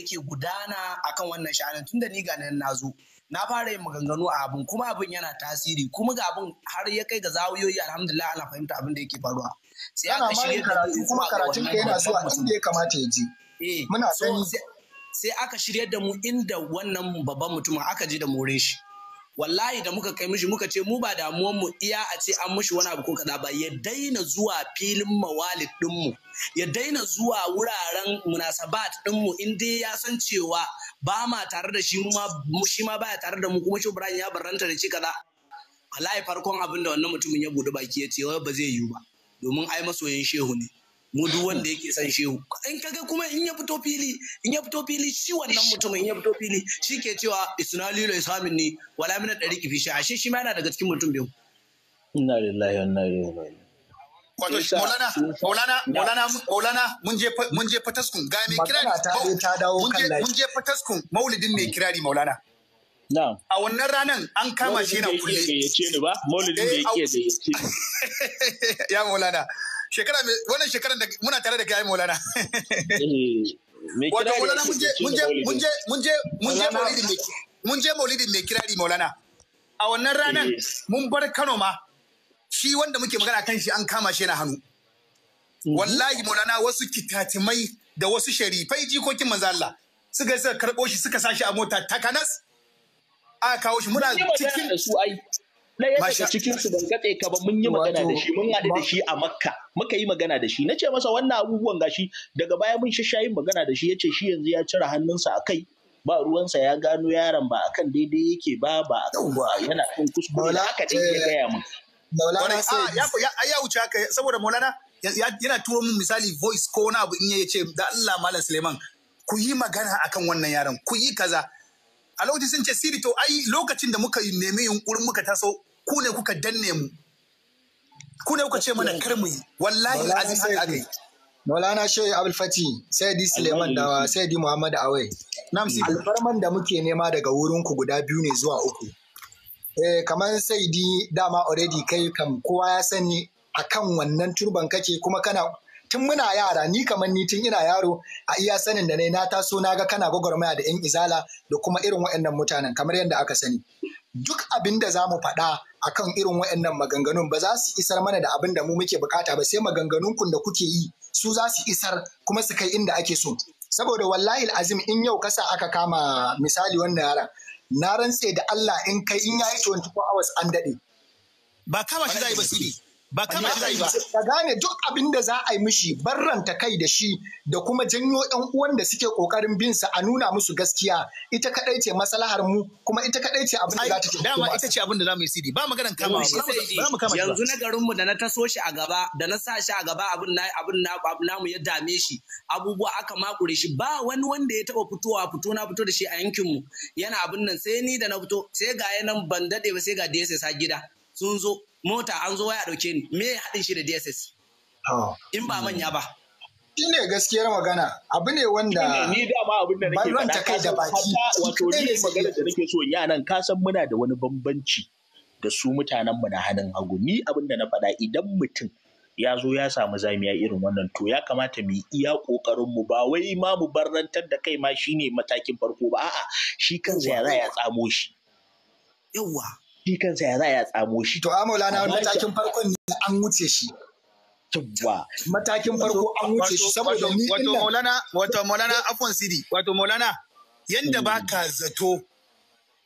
yake gudana akan wannan sha'anin tunda ni ga nan nazo na fara yin maganganu a abin kuma abin yana tasiri kuma ga abin har ya kai ga zawiyoyi alhamdulillah ana fahimta abin da yake faruwa sai aka shirya karatu kuma karatun ka yana zuwa inda ya kamata ya je eh, muna sai aka shirya da mu inda wannan babban mutumin aka ji da more shi wallahi da muka kai mishi muka ce mu ba damuwan mu iya a ce an mushi wani abu ko kaza ba ya daina zuwa filin mawalid din mu ya daina zuwa wuraren munasabat din mu in dai ya san cewa ba ma tare da shi ma shi ma baya tare da mu kuma shi ya barranta da shi kaza wallahi farkon abin da wannan mutumin ya buɗe baki ya ce ba zai yiwu ba domin ai masoyin shehu ne mu duk wanda yake son shehu in kaga kuma in ya fito fili in ya fito fili shi wannan mutumin in ya fito fili shi ke cewa isnalilo isamin ne wala mina dari kifi shi a shi shi ma yana daga cikin mutum biyu inna lillahi wa inna ilaihi raji'un wato maulana maulana maulana maulana mun je mun je fataskun ga me kirari mun je fataskun maulidin me kirari maulana A wannan ranar an kama shi na kulle. Maulidin da yake da eh, yake. Ya maulana. shekara wannan shekaran da muna tare da kai Maulana. Eh, Wato Maulana mun je mun mai kirari Maulana. A wannan ranar mun bar Kano ma shi wanda muke magana kan shi an kama shi na hannu. Mhm. Wallahi Maulana wasu kitatimai da wasu sharifai jikokin manzo Allah suka suka karbo shi suka sashi a mota takanas a kawo shi muna cikin ɗaya daga cikin su ban katse ka ba mun yi magana da shi mun haɗu da shi a makka muka yi magana da shi nace masa wannan abubuwan gashi daga baya mun shashayi magana da shi yace shi yanzu ya cire hannunsa a kai ba ruwansa ya gano yaron ba akan daidai yake ba ba yana kan kuskure haka din ya eh, gaya mun Maulana ah, ya wuce haka saboda Maulana yana turo min misali voice ko wani abu in ya ce da Allah Malam Suleiman ku yi magana akan wannan yaron ku yi kaza a lokacin sun ce siri to ai lokacin da muka nemi yunkurin muka taso ku ne kuka danne mu ku ne kuka ce mana kar mu yi wallahi aziz haka yi Maulana Shehu Abul Fati, Sayyidi Suleiman Dawa, Sayyidi Muhammad Awe. Alfarman da muke nema daga wurinku guda biyu ne zuwa uku. Eh, kamar Sayyidi dama already kai kam kowa ya sani akan wannan turban kake kuma kana tun muna yara ni kamar ni tun ina yaro a iya sanin da na taso na ga kana gwagwarmaya da 'yan izala da kuma irin waɗannan mutanen kamar yadda aka sani duk abin da za mu faɗa a kan irin waɗannan maganganun ba za su isar mana da abin da mu muke bukata ba sai maganganun kun da kuke yi su za su isar kuma su kai inda ake so saboda wallahi azim in yau kasa aka kama misali wannan yaran na rantse da Allah in kai in yayi 24 hours an dade ba kama shi zai basiri ba kama shi zai ba ka gane duk abin da za a yi mishi barranta kai da shi da kuma janyo yan uwan da suke kokarin bin sa a nuna musu gaskiya ita kadai ce maslahar mu kuma ita kadai ce abin da za ta ce dama ita ce abin da za mu yi C.D. ba maganar kama ba yanzu na garin mu da na taso shi a gaba da na sa shi a gaba abin na abin na namu ya dame shi abubuwa aka makure shi ba wani wanda ya taba fitowa fito na fito da shi a yankin mu yana abin nan sai ni da na fito sai ga yanan ban dade ba sai ga DSS a gida sun zo mota an zo waya ɗauke ni me ya haɗin shi da DSS in ba manya ba shi ne gaskiyar magana abu ne wanda ni dama abin da nake faɗa kai da baki wato ni magana da nake so yanan ka san muna da wani bambanci da su mutanen mu na hannun hagu ni abin da na faɗa idan mutum ya zo ya samu zamiya irin wannan to ya kamata mu yi iya kokarin mu ba wai ma mu barrantar da kai ma shine matakin farko ba a'a shi kansa ya za ya tsamo shi yawa shi kansa ya za a tsamo shi. To a maulana matakin farkon ne an wuce shi. Tubba. Matakin farko an wuce shi saboda ni Wato maulana, wato maulana afon sidi, wato maulana yanda hmm. ba ka zato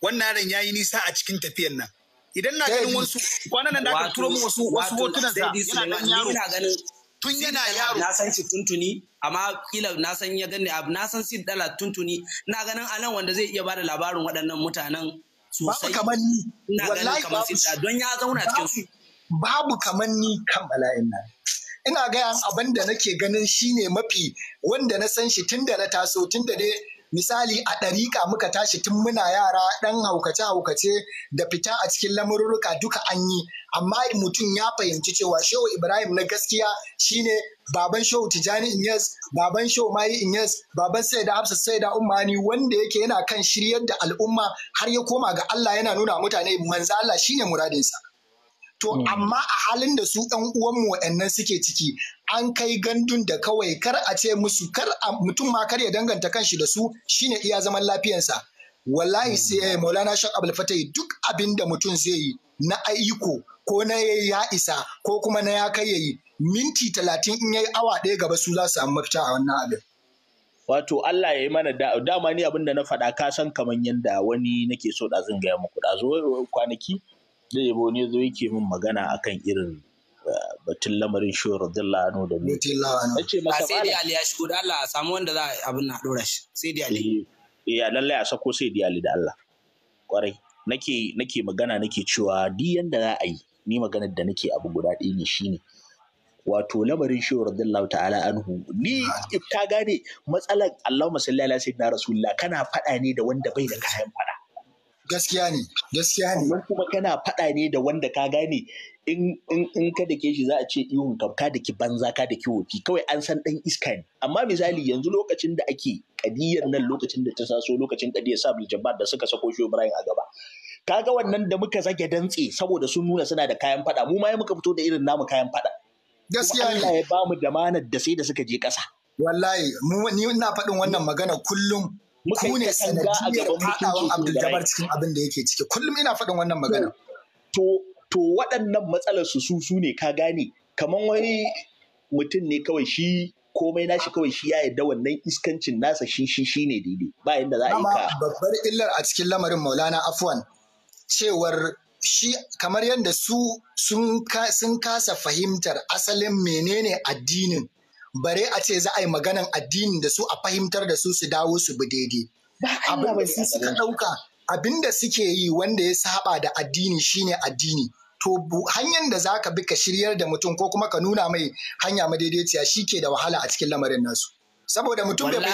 wannan ran yayi nisa a cikin tafiyan nan. Idan na ganin wasu kwanan nan da aka turo mu wasu wasu hotunan sa yana ganin yaro. tun yana yaro na san shi tuntuni amma kila na san ya ganni abu na san shi dala tuntuni na ganin anan wanda zai iya bada labarin waɗannan mutanen Babu kamar ni. Ina ganin kamar don ya zauna cikin su. Babu kamar ni kan bala'in nan. Ina gaya abin da nake ganin shine mafi wanda na san shi tun da na taso tun da dai misali a ɗariƙa muka tashi tun muna yara ɗan haukace-haukace da fita a cikin lamurruka duka an yi amma mutum ya fahimci cewa shehu ibrahim na gaskiya shine baban shehu tijani inyas baban shehu mai inyas baban sai da hafsa sai ummani wanda yake yana kan shiryar da al'umma har ya koma ga allah yana nuna mutane manzo allah shine muradinsa To hmm. amma a halin da su ɗan uwanmu waɗannan suke ciki an kai gandun da kawai kar a ce musu kar mutum ma kar ya danganta kanshi da su shine iya zaman lafiyansa. Wallahi hmm. sai eh, Maulana Shak Abdul Fatai duk abin da mutum zai yi na aiko ko na yayi ya isa ko kuma na ya kai yayi minti talatin in yayi awa ɗaya gaba su za su samu mafita a wannan abin. Wato Allah ya yi mana da dama ni abin da na faɗa ka san kamar yadda wani nake so da zan gaya muku da zo kwanaki da yabo ne zo yake min magana akan irin eh, batun lamarin shiwar radiyallahu anhu da ni. Ace masa sai dai Ali ya shigo da Allah a samu wanda za a abin na ɗora. shi sai dai Ali. Eh, eh lallai a sako sai dai Ali da Allah. Kwarai nake nake magana nake cewa duk yanda za a yi ni maganar da nake abu guda ɗaya ne shine wato lamarin shi radiyallahu ta'ala anhu ni ka gane matsalar Allahumma salli ala sayyidina rasulullah kana faɗa ne da wanda bai da kayan faɗa gaskiya ne gaskiya ne kuma kana faɗa ne da wanda ka gane in in in ka dake shi za a ce ihun ka ka daki banza ka ki wofi kawai an san ɗan iska ne amma misali yanzu lokacin da ake kadiyar nan lokacin da ta saso lokacin kadiyar sabul jabbar da suka sako shi Ibrahim a gaba kaga wannan da muka zage dantse saboda sun nuna suna da kayan fada mu ma muka fito da irin namu kayan fada gaskiya Allah ya ba mu damanar da sai da suka je ƙasa wallahi mu ni ina faɗin wannan magana kullum ku ne sanadiyar faɗawan Abdul Jabbar cikin abin da yake ciki kullum ina faɗin wannan magana to to waɗannan matsalar su su su ne ka gane kamar wani mutum ne kawai shi komai nashi kawai shi ya yadda wannan iskancin nasa shi shi shi ne daidai ba yadda za a yi ka babbar illar a cikin lamarin maulana afwan cewar shi kamar yadda su sun kasa fahimtar asalin menene addinin bare a ce za a yi maganan addinin da su a fahimtar da su su dawo su bi daidai abin da su suka ɗauka abin da suke yi wanda ya saba da addini shine addini to hanyar da za ka bi ka shiryar da mutum ko kuma ka nuna mai hanya madaidaiciya shi ke da wahala a cikin lamarin nasu saboda mutum da bai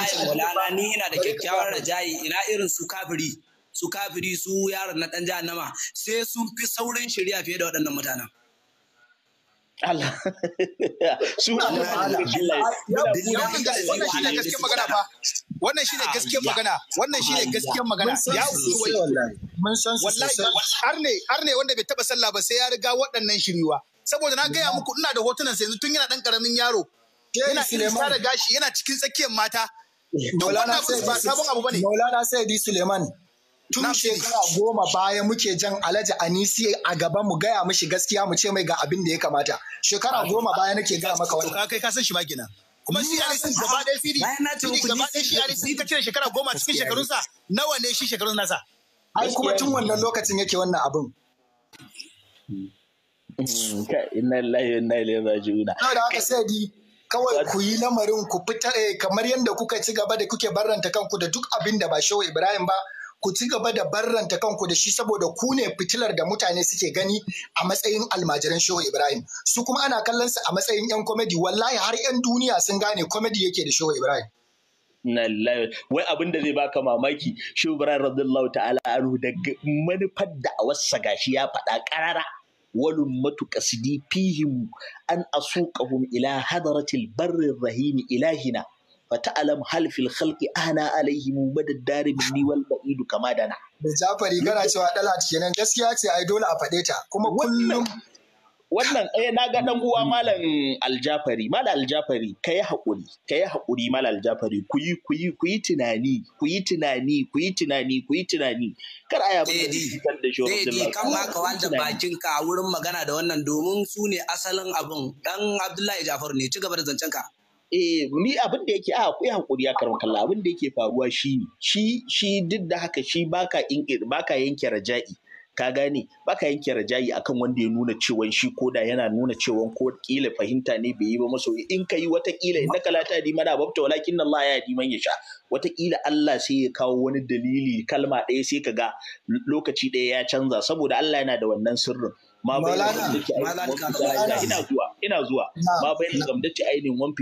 ni yana da kyakkyawar rajayi ina irin su kafiri su kafiri su yaron na ɗan jahannama sai sun fi saurin shirya fiye da waɗannan mutanen. Allah su wannan shine gaskiyar magana wannan ne gaskiyar magana ya kuwai wallahi Har ne wanda bai taba sallah ba sai ya riga waɗannan shiriwa saboda na gaya muku ina da hotunan sa yanzu tun yana ɗan karamin yaro yana isa da gashi yana cikin tsakiyar mata Maulana Sayyidi Suleiman tun shekara goma baya muke jan alhaji anisi a gaba mu gaya mishi gaskiya mu ce mai ga abin da ya kamata shekara goma baya nake gaya maka wannan ka kai ka san shi ma kenan kuma shi yarisi gaba dai siri siri gaba ɗaya shi yarisi in ka cire shekara goma cikin shekarunsa nawa ne shi shekarun nasa ai kuma tun wannan lokacin yake wannan abin mm, inna lillahi wa inna ilaihi raji'un da haka sai di kawai ku yi lamarin ku fitare eh, kamar yadda kuka ci gaba da kuke barranta kanku da duk abin da ba shehu Ibrahim ba ku ci gaba da barranta kanku da shi saboda ku ne fitilar da mutane suke gani a matsayin almajiran Shehu Ibrahim su kuma ana kallon su a matsayin yan komedi wallahi har yan duniya sun gane komedi yake da Shehu Ibrahim wai abin da zai baka mamaki Shehu Ibrahim radiyallahu ta'ala anhu da manufar da a wasa gashi ya faɗa ƙarara walun matuƙa fihim an asuqahum ila hadaratil barrin rahimi ilahina fata'alam hal fil khalqi alaihi alaihim badaddari minni wal ba'idu kama dana da jafari kana cewa dala kenan gaskiya ce ai dole a fade ta kuma kullum wannan eh na ga dan uwa malam aljafari malam aljafari kai hakuri kai hakuri malam aljafari ku yi ku yi ku yi tunani ku yi tunani ku yi tunani ku yi tunani kar aya ba da shi Abdullahi kan ma ka wanda bakin ka wurin magana da wannan domin su ne asalin abun dan Abdullahi Jafar ne ci gaba da zancen ka eh ni abin da yake a ku yi hakuri ya karon kalla abin da yake faruwa shi shi shi duk da haka shi baka in baka yanke raja'i ka gane baka yanke raja'i akan wanda ya nuna cewa shi koda yana nuna cewa ko kila fahimta ne bai yi ba maso in kai wata kila in kala ta di mana babta walakin Allah ya di man sha. wata kila Allah sai ya kawo wani dalili kalma ɗaya sai ka ga lokaci ɗaya ya canza saboda Allah yana da wannan sirrin ma ina zuwa ina zuwa ma bai wan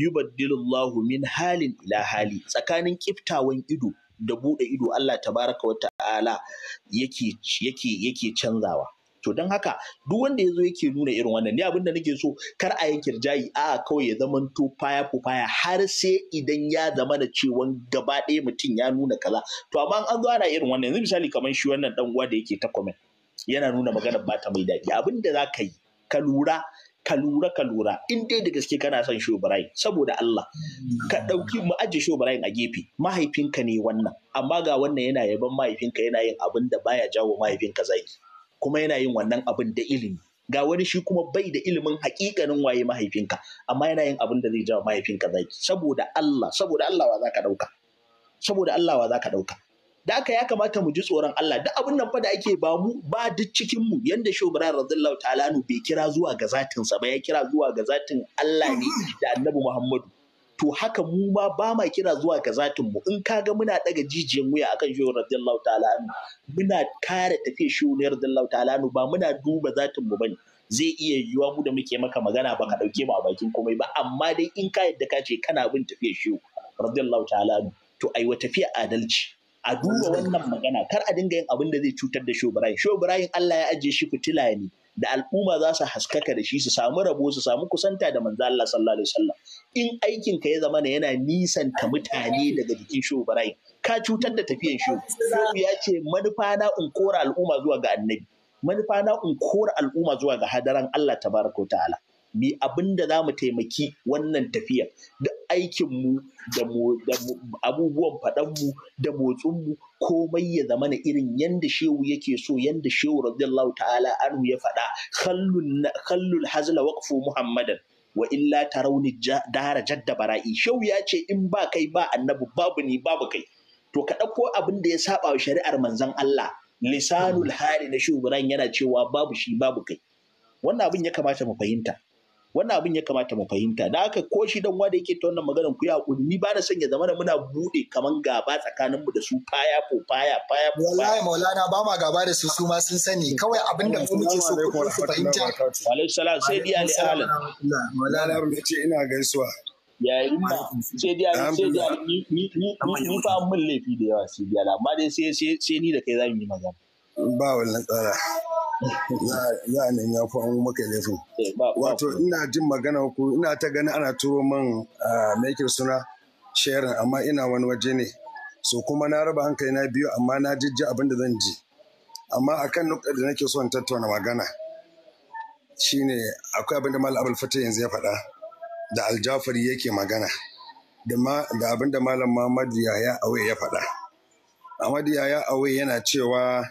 yubaddilullahu min halin ila hali tsakanin kiftawan ido da bude ido Allah tabaraka wa ta'ala yake yake yake canzawa to don haka duk wanda ya zo yake nuna irin wannan ni abin nake so kar a yanke jayi a kawai ya zama to faya ko faya har sai idan ya zama da cewan gaba ɗaya mutum ya nuna kaza to amma an zo ana irin wannan yanzu misali kamar shi wannan dan uwa da yake ta comment yana nuna maganar bata mai daɗi abin da za ka yi ka lura ka lura ka lura in dai da gaske kana son show Brian saboda Allah ka ɗauki mu aje show a gefe mahaifinka ne wannan amma ga wannan yana yaban mahaifinka yana yin abin da baya jawo mahaifinka zaki. kuma yana yin wannan abin da ilimi ga wani shi kuma bai da ilimin hakikanin waye mahaifinka amma yana yin abin da zai jawo mahaifinka zaki saboda Allah saboda Allah wa zaka ɗauka. saboda Allah wa zaka dauka da aka ya kamata mu ji tsoron Allah duk abin nan fa da ake ba mu ba duk cikin mu yanda Shehu Ibrahim ta'ala nu bai kira zuwa ga zatin sa ba ya kira zuwa ga zatin Allah ne da Annabi Muhammadu to haka mu ma ba ma kira zuwa ga zatin mu in kaga muna daga jijiyan wuya akan Shehu radhiyallahu ta'ala muna kare tafiye Shehu radhiyallahu ta'ala ba muna duba zatin mu bane zai iya yiwuwa mu da muke maka magana ba ka ɗauke mu a bakin komai ba amma dai in ka yadda ka ce kana bin tafiyar shi radhiyallahu ta'ala to ai wa tafiya adalci a duba wannan magana kar a dinga yin abin da zai cutar da shobirayin shobirayin Allah ya ajiye shi fitila ne da al'umma za su haskaka da shi su samu rabo su samu kusanta da manzo Allah sallallahu alaihi wasallam in aikin ka ya zama na yana nisanta mutane daga jikin shobirayin ka cutar da tafiyan shi ya ce manufa na in kora al'umma zuwa ga annabi manufa na in kora al'umma zuwa ga hadaran Allah tabaraka ta'ala mi abin da za mu taimaki wannan tafiyar da aikinmu da abubuwan faɗanmu da motsinmu komai ya zama na irin yanda shehu yake so yanda shehu radiyallahu ta'ala Anu ya faɗa khallul hazla waqfu muhammadan wa illa tarawni dara jadda bara'i shehu ya ce in ba kai ba annabi babu ni babu kai to ka ɗauko abin da ya saba wa shari'ar manzon Allah lisanul hali na shehu yana cewa babu shi babu kai wannan abin ya kamata mu fahimta wannan abin ya kamata mu fahimta da haka ko shi dan wanda yake ta wannan maganar ku ya hakuri ni ba na sanya zama da muna bude kaman gaba tsakanin mu da su faya ko faya faya wallahi maulana ba ma gaba da su su ma sun sani kawai abin da mu muke so ku fahimta alaihi salam sai dai ali alan maulana ce ina gaisuwa yi ma sai ali sai ali ni ni ni fa mun laifi da yawa sai ali amma dai sai sai ni da kai zamu yi magana ba wannan tsara za a nemi afuwa maka laifin eh, wato ina jin magana ku ina ta gani ana turo man ah, maikir suna sharing amma ina wani waje ne so kuma na raba hankali na biyu amma na jijji abin da zan ji amma akan nukar da nake son tattauna magana shine akwai abin da mal abul yanzu ya faɗa da aljafari yake magana da abin da malam Muhammad Yaya Awe ya faɗa. Ahmad Yaya Awe yana cewa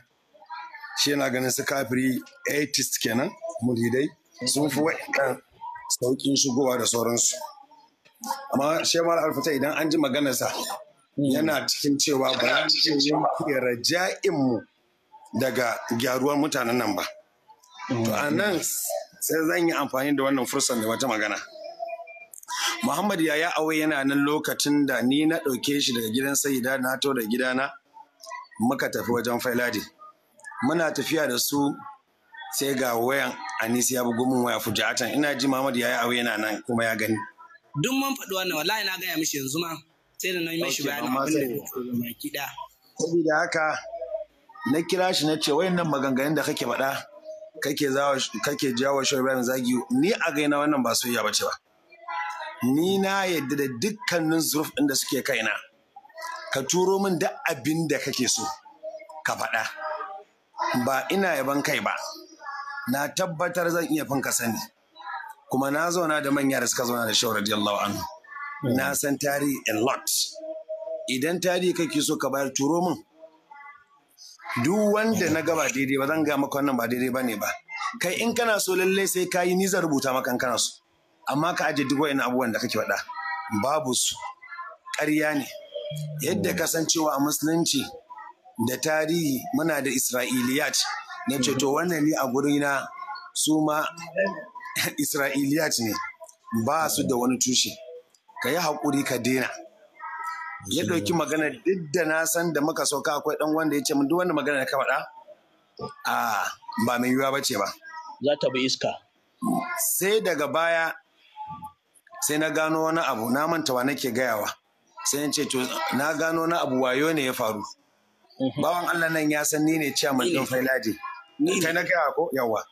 shi yana ganin su kafiri atheist kenan mulhidai sun fi waɗannan sauƙin shigowa da sauransu amma shi ma alfata idan an ji maganarsa yana cikin cewa ba ya raja'in mu daga gyaruwar mutanen nan ba to a nan sai zan yi amfani da wannan fursar da wata magana Muhammad yaya yi yana nan lokacin da ni na ɗauke shi daga gidan sayida na to da gidana muka tafi wajen failadi. muna tafiya da su sai ga wayan anisi ya bugu min waya fujatan ina ji ya yayi aure yana nan kuma ya gani duk mun faɗi wannan wallahi na gaya mishi yanzu ma sai da na yi mishi bayanin abin da kida saboda haka na kira shi na ce wayannan maganganun da kake faɗa kake zawa kake jawo shi Ibrahim zagi ni a gaina wannan ba soyayya bace ba ni na yadda da dukkanin zurf ɗin da suke kaina ka turo min duk abin da kake so ka faɗa ba ina yaban kai ba na tabbatar zan iya fin ka sani kuma na zauna da manya da suka zauna da shau radiyallahu anhu mm. na san tarihi a lot idan tarihi kake so ka bayar turo min duk wanda na gaba daidai ba zan ga maka wannan ba daidai ba ne ba kai in kana so lallai sai ka yi nizar rubuta maka kana so amma ka ajiye duk wa'in abubuwan da kake faɗa babu su ƙarya ne yadda cewa a musulunci da tarihi muna da isra'iliyat na ce to wannan ni a gurina su ma isra'iliyat ne ba su da wani tushe ka yi haƙuri ka dena ya ɗauki magana duk da na san da muka sauka akwai ɗan wanda ya ce min duk wanda magana da ka faɗa a ba mai yiwuwa ba ce ba za ta bi iska sai daga baya sai na gano wani abu na mantawa nake gayawa sai ce to na gano wani abu wayo ne ya faru Mhm. bawan Allah nan ya san ni ne chairman din Failadi kai na kai ko yawa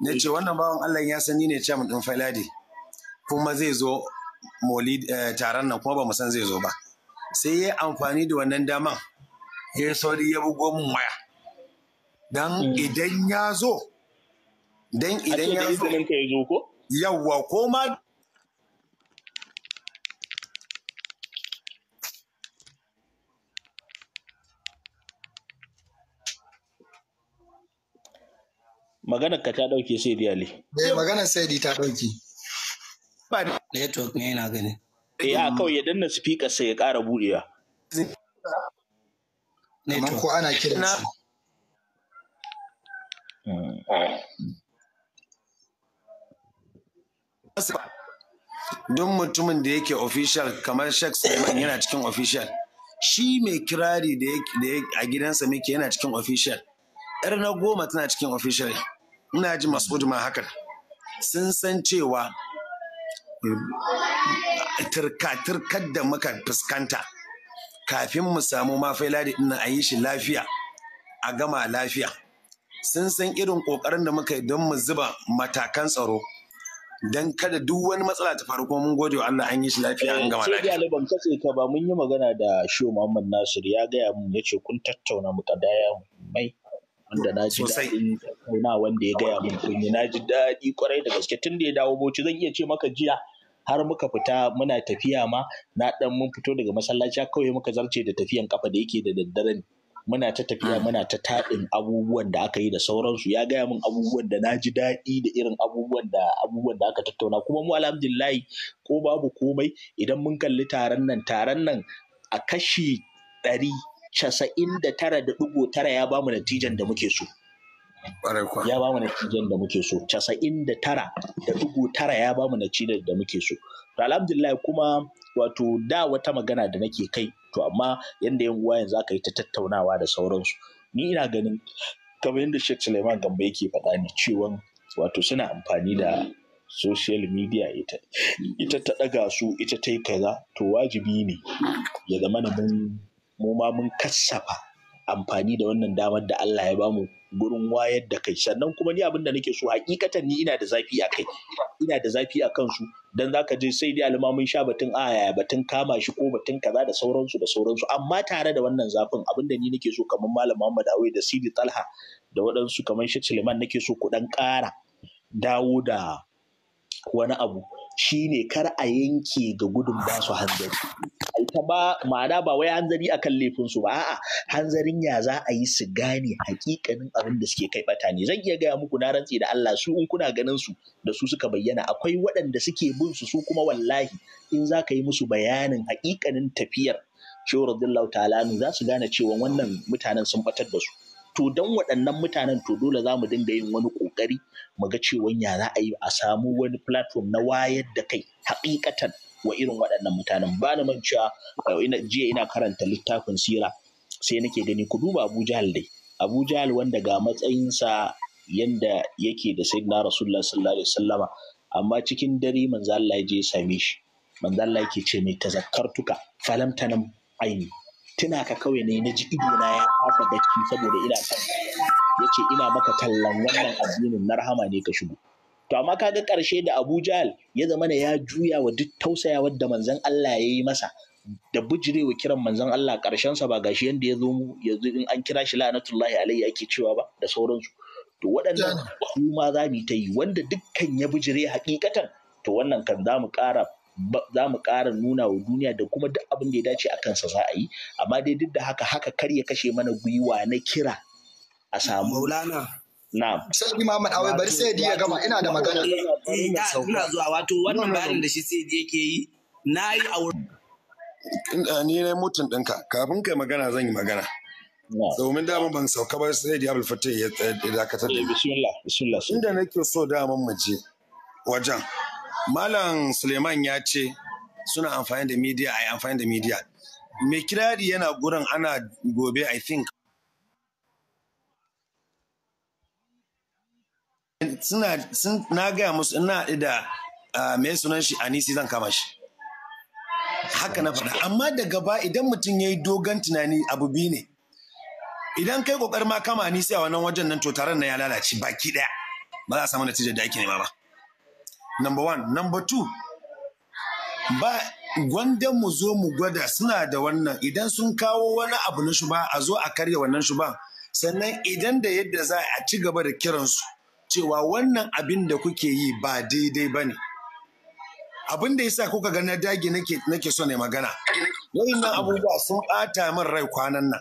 ne ce wannan bawan Allah ya san ni ne chairman din Failadi kuma zai zo moli eh, taron nan kuma ba mu san zai zo ba sai ya amfani da wannan daman ya sauri ya bugo mun waya dan mm. idan ya zo dan idan ya zo yawwa ko ma maganar ka ta dauke sai di ali eh maganar sai di ta dauke ba network ne yana gani eh a kawai ya danna speaker sai ya ƙara budewa network ko ana kiran hmm. Don mutumin da yake official kamar Sheikh Suleiman yana cikin official. Shi mai kirari da a gidansa muke yana cikin official. ‘Yar na goma tana cikin official. ina ji masud ma hakan sun san cewa turka-turkar da muka fuskanta kafin mu samu mafai Ladi ina a yi shi lafiya a gama lafiya sun san irin ƙoƙarin da muka yi don mu zuba matakan tsaro don kada duk wani matsala ta faru kuma mun gode wa Allah an yi shi lafiya an gama lafiya. Sai ban kace ka ba mun yi magana da Shehu Muhammad Nasir ya gaya mun yace kun tattauna mu kadaya mai wanda na ji daɗin kauna wanda ya gaya min kunyi na ji daɗi kwarai da gaske tun da ya dawo bauchi zan iya ce maka jiya har muka fita muna tafiya ma na dan mun fito daga masallaci kawai muka zarce da tafiyan kafa da yake da daddare muna ta tafiya muna ta taɗin abubuwan da aka yi da sauransu ya gaya min abubuwan da na ji daɗi da irin abubuwan da abubuwan da aka tattauna kuma mu alhamdulillahi ko babu komai idan mun kalli taron nan taron nan a kashi ɗari casa'in da tara da ɗigo tara ya bamu natijan da muke so. Ya bamu natijan da muke so. Casa'in da tara da ɗigo tara ya bamu natijan da muke so. To alhamdulillah kuma wato da wata magana da nake kai to amma yanda yan uwa yanzu aka yi ta tattaunawa da sauransu. Ni ina ganin kamar yadda Sheikh Suleiman Gambo yake faɗa ni, cewa wato suna amfani da social media ita ita ta ɗaga su ita ta yi kaza to wajibi ne ya zama mun mu ma mun kassafa amfani da wannan damar da Allah ya bamu gurin wayar da kai sannan kuma ni abin da nake so hakikatan ni ina da zafi a kai ina da zafi a kansu dan zaka je sai dai alimamin sha batun aya batun kama shi ko batun kaza da sauransu da sauransu amma tare da wannan zafin abin da ni nake so kamar malam Muhammad Awai da Sidi Talha da waɗansu kamar Sheikh Suleiman nake so ku dan ƙara dawo da wani abu Shi ne kar a yanke ga gudun ba su hanzari ita ba ma'ana ba wai hanzari akan laifin su ba a'a hanzarin ya za a yi su gane hakikanin abin da suke kai bata ne zan iya gaya muku na rantse da Allah su in kuna ganin su da su suka bayyana akwai waɗanda suke bin su su kuma wallahi in za ka yi musu bayanin hakikanin tafiyar shehu radiyallahu ta'ala za su gane cewa wannan mutanen sun batar da su to don waɗannan mutanen to dole za mu dinga yin wani ƙoƙari mu ga cewa ya za a yi a samu wani platform na wayar da kai haƙiƙatan wa irin waɗannan mutanen ba na mancewa eh, jiya ina karanta littafin sira sai nake gani ku duba Abu Jahal dai Abu wanda ga matsayinsa yanda yake da sayyidina Rasulullah sallallahu alaihi wasallama amma cikin dare manzo Allah ya je ya same shi manzo Allah yake ce mai tazakkartuka falam tanam aini tuna ka kawai ne na ji idona ya kasa bacci saboda ina kan ya ce ina maka tallan wannan addinin na rahama ne ka shigo to amma kaga ƙarshe da Abu Jahl ya zama ya juya wa duk tausayawar da manzon Allah ya yi masa da bijirewa kiran manzon Allah karshen sa ba gashi yanda ya zo yanzu in an kira shi la'anatullahi alaihi ake cewa ba da sauransu to waɗannan kuma ma za mu ta yi wanda dukkan ya bujire hakikatan to wannan kan za mu ƙara za mu ƙara nuna wa duniya da kuma duk abin da ya dace a kansa za a yi amma dai duk da haka haka kar ya kashe mana gwiwa na kira a samu maulana na'am sai Muhammad Awai bari sai ya gama ina da magana eh, ina zuwa wato wannan bayanin da shi sai yake yi na yi a wurin ni ne mutum ɗinka kafin kai magana zan yi magana domin dama ban sauka ba sai da Abdul ya dakatar da eh, bismillah bismillah inda nake so dama mu je wajen Malam Suleiman ya ce suna amfani da media a amfani da media. Mai kirari yana gurin ana gobe I think. Suna sun na gaya musu ina da mai sunan shi Anisi zan kama shi. Haka na faɗa. Amma da gaba idan mutum ya yi dogon tunani abu biyu ne. Idan kai ƙoƙar ma kama Anisi a wannan wajen nan to taron na ya lalace baki ɗaya. Ba za a samu natijar da ake nema ba. number one number two ba gwanda mu zo mu gwada suna da wannan idan sun kawo wani abu na shuba a zo a karya wannan shuba sannan idan da yadda za a ci gaba da kiransu cewa wannan abin da kuke yi ba daidai ba ne abin da yasa kuka ga na dage nake so ne magana wannan abubuwa sun ɓata min rai kwanan nan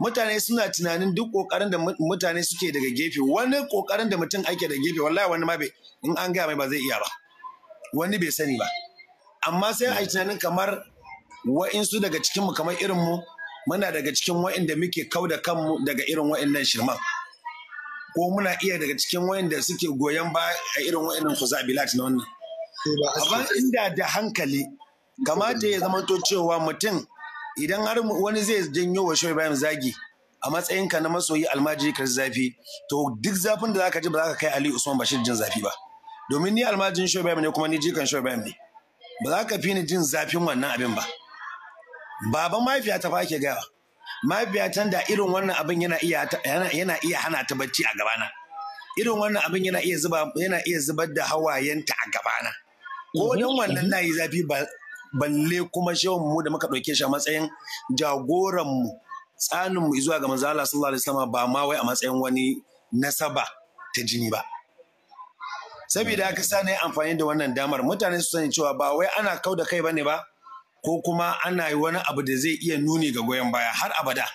mutane suna tunanin duk kokarin da mutane suke daga gefe wani kokarin da mutum ake da gefe wallahi wani ma bai in an gaya mai ba zai iya ba wani bai sani ba amma sai a tunanin kamar wa'insu daga cikinmu kamar irinmu muna daga cikin wa'inda muke kau da kanmu daga irin wa'innan shirman ko muna iya daga cikin wa'inda suke goyon ba a irin wa'innan kuzabilat na wannan amma inda da hankali kamata ya zama to cewa mutum idan har wani zai janyo wa shoyi bayan zagi a matsayinka na masoyi almajiri kar zafi to duk zafin da zaka ji ba zaka kai Ali Usman Bashir jin zafi ba domin ni almajirin shoyi bayan ne kuma ni jikan shoyi bayan ne ba za ka fi ni jin zafin wannan abin ba baban mahaifiya ta fake gaya mahaifiyatan da irin wannan abin yana iya yana iya hana ta bacci a gabana irin wannan abin yana iya zuba yana iya zubar da hawayenta a gabana ko dan mhm. wannan nayi zafi ba balle kuma shehun mu da muka ɗauke shi a matsayin jagoran mu tsanin mu zuwa ga manzo Allah sallallahu alaihi wasallam ba ma wai a matsayin wani nasaba ta jini ba saboda haka sa ne amfani da wannan damar mutane su sani cewa ba wai ana kau da kai bane ba ko kuma ana yi wani abu da zai iya nuni ga goyon baya har abada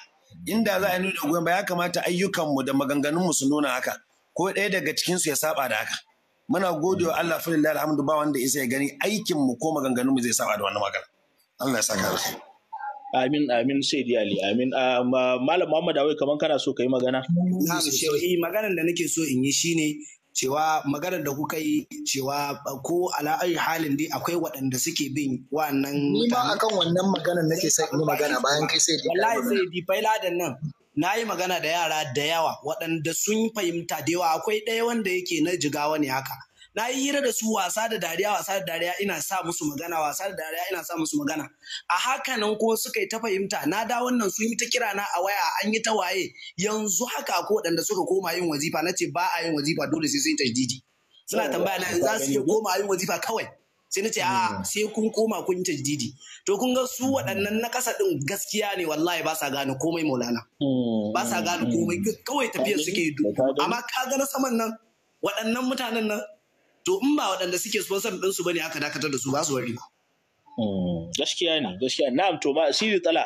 inda za a nuni ga goyon baya ya kamata ayyukanmu da maganganunmu su nuna haka ko ɗaya daga cikinsu ya saba da haka muna gode wa Allah fa lillahi alhamdu ba wanda isa ya gani aikin mu ko maganganun mu zai sa da wannan magana Allah ya saka alkhairi Amin amin Sayyidi Ali amin ah, Malam Muhammad Awai kaman kana so ka yi magana Na'am eh, maganar da nake so in yi shine cewa maganar da kuka yi cewa ah, ko ala'ayi halin dai akwai waɗanda suke bin wannan ni ma akan wannan maganar nake sai in yi magana bayan kai sai wallahi sai di failadan nan na yi magana da yara da yawa waɗanda sun fahimta da yawa akwai ɗaya wanda yake na jigawa ne haka na yi hira da su wasa da dariya wasa da dariya ina sa musu magana wasa da dariya ina sa musu magana a haka nan ko suka yi ta fahimta na da wannan sun yi ta kira na a waya an yi ta waye yanzu haka ko waɗanda suka koma yin wazifa na ce ba a yin wazifa dole sai sun yi tajdidi suna tambaya na za su iya koma yin wazifa kawai sai na ce a sai kun koma kun yi tajdidi to kun ga su waɗannan na ƙasa ɗin gaskiya ne wallahi ba sa gane komai maulana hmm. ba sa gane komai hmm. kawai tafiyar suke yi amma ka ga na saman nan waɗannan mutanen nan to in ba waɗanda suke sponsor ɗin su bane aka dakatar da su ba su wari ba hmm. gaskiya ne gaskiya na'am to ma asiri tsala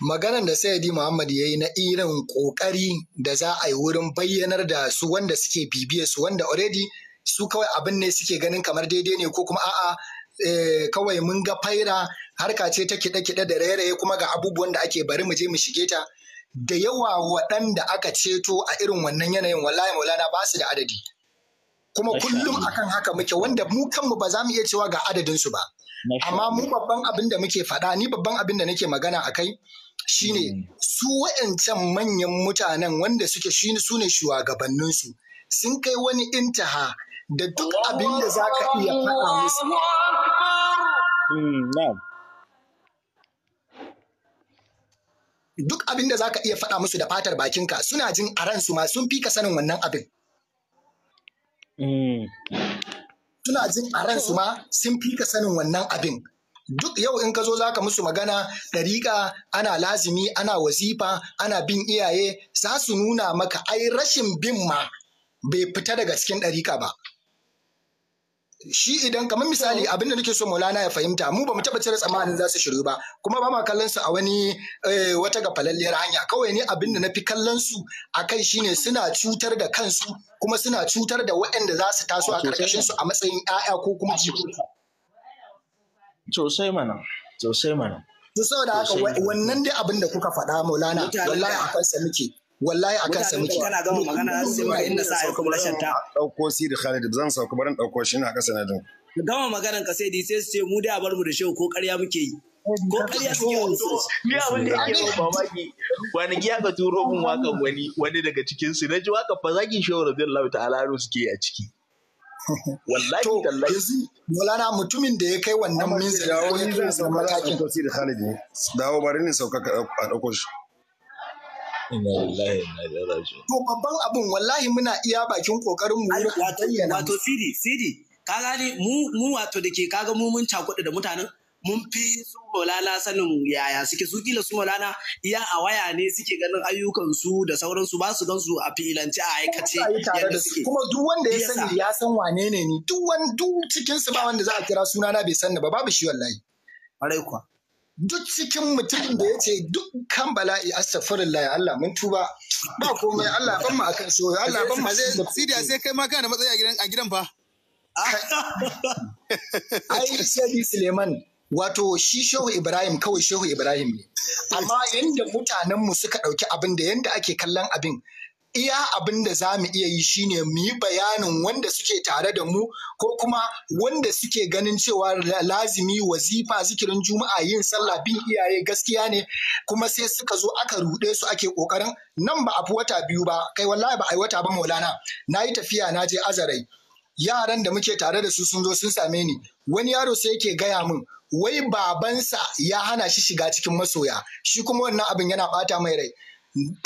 maganan da sayyidi muhammad ya yi na irin ƙoƙari da za a yi wurin bayyanar da su wanda suke bibiyar su wanda already su kawai abin ne suke ganin kamar daidai ne ko kuma a'a eh, kawai mun ga faira harka ce ta kiɗe-kiɗe da raye-raye kuma ga abubuwan da ake bari mu je mu shige ta da yawa waɗanda aka ceto a irin wannan yanayin wallahi maulana ba su da adadi kuma kullum akan haka muke wanda mu kanmu ba za mu iya cewa ga adadin su ba amma mu babban abin da muke faɗa ni babban abin da nake magana a kai shine mm. su wa'ancan manyan mutanen wanda suke su ne shugabanninsu sun kai wani intaha da duk abin da za ka iya faɗa musu. Hmm, duk abin da za ka iya faɗa musu da fatar bakinka suna jin a ransu ma sun fi ka sanin wannan abin. Hmm. Suna jin a ransu ma sun fi ka sanin wannan abin. duk yau in ka zo za ka musu magana ɗariƙa ana lazimi ana wazifa ana bin iyaye za su nuna maka ai rashin bin ma bai fita daga cikin ɗariƙa ba shi idan kamar misali abin da nake so Maulana ya fahimta mu ba mu taba cire tsammanin za su shiru ba kuma ba ma kallon su a wani eh, wata ga falalliyar hanya kawai ne abin da na fi kallon su a akai shine suna cutar da kansu kuma suna cutar da waɗanda za su taso a karkashin su a matsayin ƴaƴa ko kuma jiki sosai mana sosai mana to saboda haka wannan dai abin da kuka faɗa Maulana wallahi akan sa muke wallahi a kansa muke kana gama magana sai muka inda sa ya kuma rashin ta dauko sirri Khalid zan sauka barin dauko shi na kasa na dinku gama maganan ka sai dai sai su ce mu dai a bar mu da shehu ko ƙarya muke yi ko ƙarya suke yi ni abin da yake yi mamaki giya aka turo min wakan wani wani daga cikin su na ji waka fa zaki shehu radiyallahu ta'ala aro suke a ciki wallahi tallahi Maulana mutumin da ya kai wannan minzilin ya kai matakin dawo bari ne sauka a ɗauko shi To babban abin wallahi muna iya bakin kokarin mu wato sidi sidi ka gane mu mu wato da ke kaga mu mun cakuɗa da mutanen mun fi su molana sanin yaya suke su kila su molana iya a waya ne suke ganin ayyukan su da sauransu ba su gan su a filance a aikace yadda suke kuma duk wanda ya sani ya san wane ne ni duk wani cikin su ba wanda za a kira sunana bai san ba babu shi wallahi duk cikin mutumin da ya ce dukkan bala'i astaghfirullah ya Allah mun tuba ba komai Allah ban mu akan so Allah ban ma zai siriya sai kai ma kana matsayi a gidan a gidan fa ai sai Suleiman wato shi Shehu Ibrahim kawai Shehu Ibrahim ne amma yanda mutanen mu suka dauki abin da yanda ake kallon abin iya abin da za mu iya yi shine mu yi bayanin wanda suke tare da mu ko kuma wanda suke ganin cewa lazimi wazifa zikirin juma'a yin sallah bin iyaye gaskiya ne kuma sai suka zo aka rude su ake kokarin. nan ba a fi wata biyu ba kai wallahi ba a yi wata ba maulana na yi tafiya na je azarai yaran da muke tare da su sun zo sun same ni wani yaro sai yake gaya min wai babansa ya hana shi shiga cikin masoya shi kuma wannan abin yana bata mai rai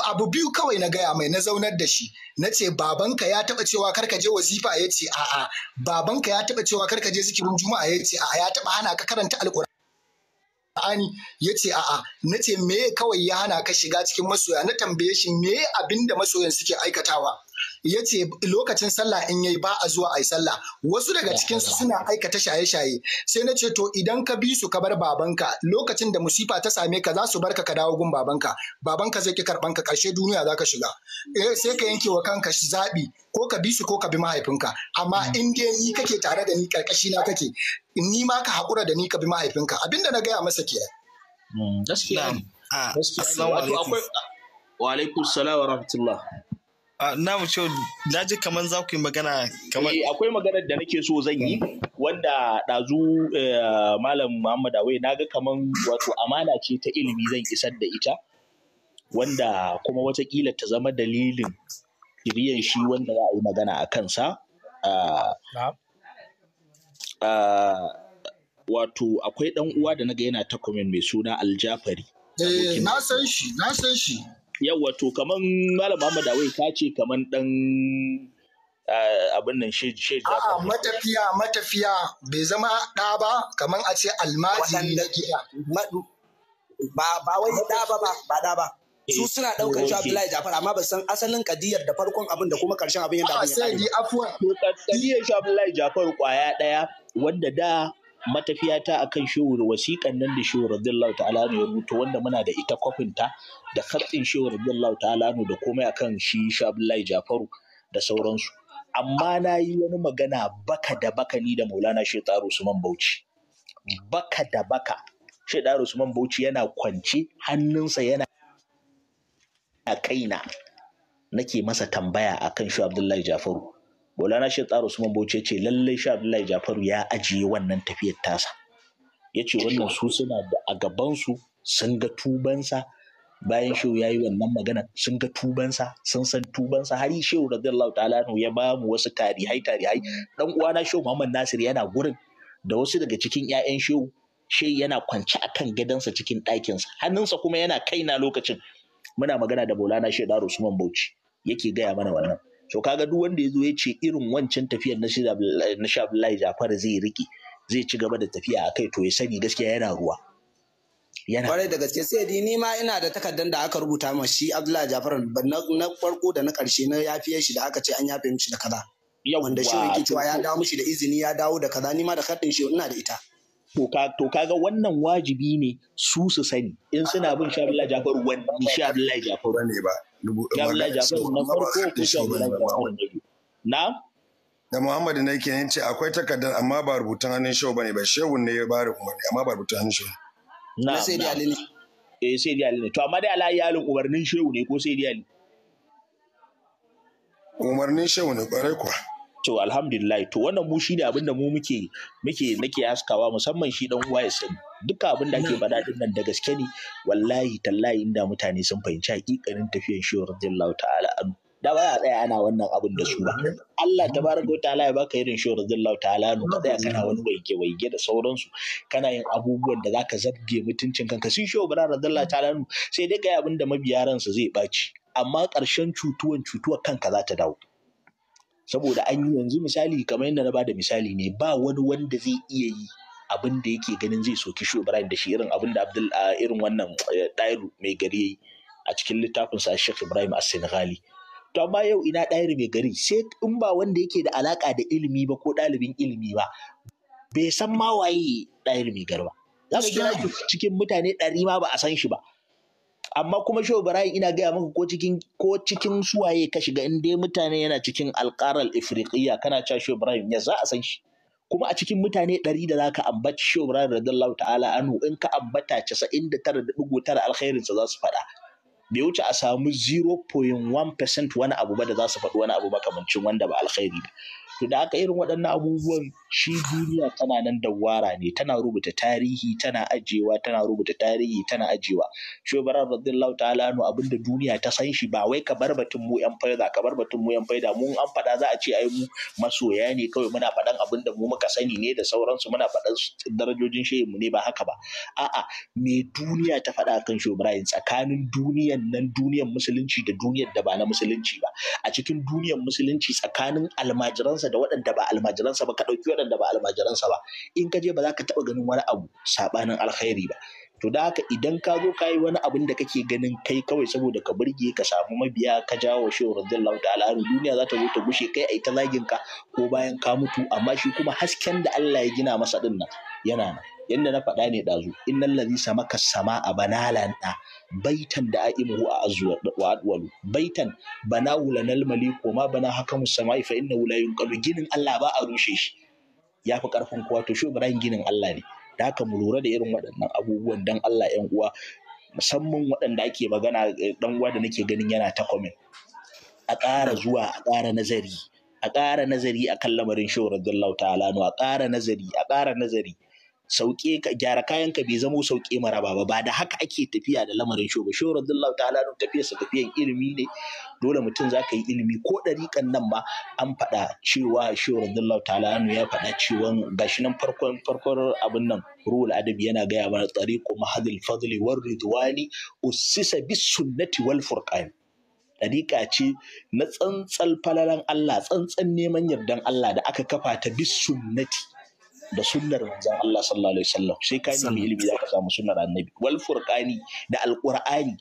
abu biyu kawai na gaya mai na zaunar da shi na ce babanka ya taba cewa karka je wazifa ya ce a'a babanka ya taba cewa karka je zikirin juma'a ya ce a'a ya taba hana ka karanta alkur'ani ya ce a'a na ce me kawai ya hana ka shiga cikin masoya na tambaye shi me abinda masoyan suke aikatawa ya ce lokacin sallah in yayi ba a zuwa a yi sallah wasu daga cikin su suna aikata shaye-shaye sai na ce to idan ka bi su ka bar babanka lokacin da musifa ta same ka za su barka ka dawo gun babanka babanka zai ki karban ka karshe duniya za ka shiga eh sai ka yanke wa kanka zabi ko ka bi su ko ka bi mahaifinka amma hmm. in dai ni kake tare da ni karkashi na kake ni ma ka haƙura da ni ka bi mahaifinka abinda na gaya masa kenan hmm, gaskiya ne ah, gaskiya ne wa alaikum salam wa rahmatullah Ah, na mu ce na ji kamar za ku yi magana kamar eh, akwai maganar da nake so zan yi wanda ɗazu eh, malam Muhammad Awai na ga kamar wato amana ce ta ilimi zan isar da ita wanda kuma watakila ta zama dalilin shiryan shi wanda za a yi magana a kansa ah, ah, wato akwai ɗan uwa da naga yana ta mai suna aljafari eh, na san shi na san shi yawa to kaman malam Muhammad Awai ta ce kaman dan eh, abin nan shi shi a'a matafiya matafiya bai zama da ba kaman a ce almaji na gida ba ba wai da ba ba da ba su eh, suna ɗaukar shi Abdullahi Jafar amma ba san asalin kadiyar da farkon abin da kuma karshen abin yadda abin ya sai di afwan kadiyar shi Abdullahi Jafar kwaya ɗaya wanda da matafiyata akan shehu wasiƙan nan da shehu radiyallahu ta'ala ne ya rubuta wanda muna da ita kwafinta da khatsin shehu radiyallahu ta'ala ne da komai akan shi Shabullahi Jafaru da sauransu amma na yi wani magana baka da baka ni da Maulana su Usman Bauchi baka da baka su Usman Bauchi yana kwance hannunsa yana a kaina nake masa tambaya akan shi Abdullahi Jafaru Maulana Sheikh Tsaro Usman Bauchi ce lallai Sha Abdullahi Jafaru ya ajiye wannan tafiyar tasa. Ya ce wannan su suna da a gabansu sun ga tubansa bayan shehu yayi wannan magana sun ga tubansa sun san tubansa har shehu radiyallahu ta'ala ya ba mu wasu tarihai tarihai dan uwa na shehu Muhammad Nasir yana gurin da wasu daga cikin 'ya'yan shehu she yana kwance akan gidansa cikin ɗakin ɗakinsa hannunsa kuma yana kaina lokacin muna magana da Maulana Shehu Usman Bauchi yake gaya mana wannan to kaga duk wanda ya zo ya ce irin wancan tafiyar na shi Abdullahi Jafar zai riƙe zai ci gaba da tafiya a kai to ya sani gaskiya yana ruwa yana kwarai da gaske sai dai ni ma ina da takardar da aka rubuta ma shi Abdullahi Jafar na farko da na karshe na yafiyar shi da aka ce an yafe mishi da kaza wanda shi yake cewa ya dawo mishi da izini ya dawo da kaza ni ma da kaddin shi ina da ita to kaga wannan wajibi ne su su sani in suna bin sha Abdullahi Jafaru wani sha Abdullahi Jafaru ne ba sha Abdullahi Jafaru na farko ko sha Abdullahi Jafaru na biyu na da Muhammadu ne ke yin ce akwai takardar amma ba rubutun hannun ba bane ba shehu ne ya ba umarni amma ba rubutun hannun shau na sai dai Ali ne eh sai dai Ali ne to amma dai ala iyalin umarnin shehu ne ko sai dai Ali umarnin shehu ne kwarai kuwa to alhamdulillah to wannan mu shine abin da mu muke muke nake haskawa musamman shi dan uwa ya sani duka abin da ake faɗa din nan da gaske ne wallahi tallahi inda mutane sun fahimci hakikanin tafiyar shi radiyallahu ta'ala an da ba a tsaya ana wannan abin da su ba Allah tabaraka wa ta'ala ya baka irin shi radiyallahu ta'ala no ka tsaya kana wani waige waige da sauransu kana yin abubuwan da zaka zabge mutuncin kanka sun shi obara radiyallahu ta'ala sai dai kai abin da mabiya ransa zai baci amma ƙarshen cutuwan cutuwa kanka za ta dawo saboda an yi yanzu misali kamar yadda na bada misali ne ba wani wanda zai iya yi abin da yake ganin zai soki Shu Ibrahim da shi irin abin da Abdul a irin wannan eh, Dairu mai gari yayi a cikin littafin sa Sheikh Ibrahim As-Senegali to amma yau ina Dairu mai gari sai in ba wanda yake da alaka da ilimi ba ko ɗalibin ilimi ba bai san ma waye Dairu mai gari ba za su cikin mutane ɗari ma ba a san shi ba amma kuma shehu ibrahim ina gaya maka ko cikin ko cikin suwaye ka shiga in dai mutane yana cikin alƙarar ifriqiya kana cewa shehu ibrahim ya za a san shi kuma a cikin mutane ɗari da zaka ambaci shehu ibrahim radiyallahu ta'ala anu in ka ambata 99.9 alkhairinsa za su faɗa bai wuce a samu 0.1% wani abu ba da za su faɗi wani abu makamancin wanda ba alkhairi ba To da aka irin waɗannan abubuwan shi duniya tana nan dawwara ne tana rubuta tarihi tana ajewa tana rubuta tarihi tana ajewa. Shi bara radiyallahu ta'ala abin abinda duniya ta san shi ba wai ka bar batun mu yan faida ka bar batun mu yan faida mun an faɗa za a ce ai mu masoya ne kawai muna faɗan abinda mu muka sani ne da sauransu muna faɗan darajojin shehin mu ne ba haka ba. A'a me duniya ta faɗa kan shi tsakanin duniyan nan duniyan musulunci da duniyar da ba na musulunci ba. A cikin duniyar musulunci tsakanin almajiransa almajiransa da waɗanda ba almajiransa ba ka ɗauki waɗanda ba almajiransa ba in ka je ba za ka taɓa ganin wani abu saɓanin alkhairi ba to da haka idan ka zo ka yi wani abin da kake ganin kai kawai saboda ka burge ka samu mabiya ka jawo shi lauta al'adu duniya za ta zo ta gushe kai ai ta zagin ka ko bayan ka mutu amma shi kuma hasken da Allah ya gina masa din nan yana nan yadda na faɗa ne ɗazu innal ladhi samaka sama'a banalan da baitan da aimuhu a azwa baitan bana wulanal maliku ma bana haka musamai fa inna la yunqalu ginin Allah ba a rushe shi Ya yafi karfin kowa to shi Ibrahim ginin Allah ne da haka mu lura da irin waɗannan abubuwan dan Allah ƴan uwa musamman waɗanda ake magana dan eh, uwa da nake ganin yana ta comment a ƙara zuwa a ƙara nazari a ƙara nazari akan lamarin shehu radiyallahu ta'ala a ƙara nazari a ƙara nazari Sauƙe ka gyara kayanka bai zamo sauke maraba ba ba da haka ake tafiya da lamarin sho ba da radiyallahu ta'ala don tafiyar sa tafiyan ilimi ne dole mutum za ka yi ilimi ko dariƙan nan ma an faɗa cewa sho radiyallahu ta'ala ya faɗa cewa gashi nan farkon farkon abin nan ruhul adabi yana gaya mana tsariƙo mahadil fadli war ridwani ussisa bis sunnati wal furqan ɗariƙa ce na tsantsan falalan Allah tsantsan neman yardan Allah da aka kafa ta bis sunnati da sunnar manzon Allah sallallahu alaihi wasallam sai ka nemi ilimi zaka samu sunnar annabi wal furqani da alqur'ani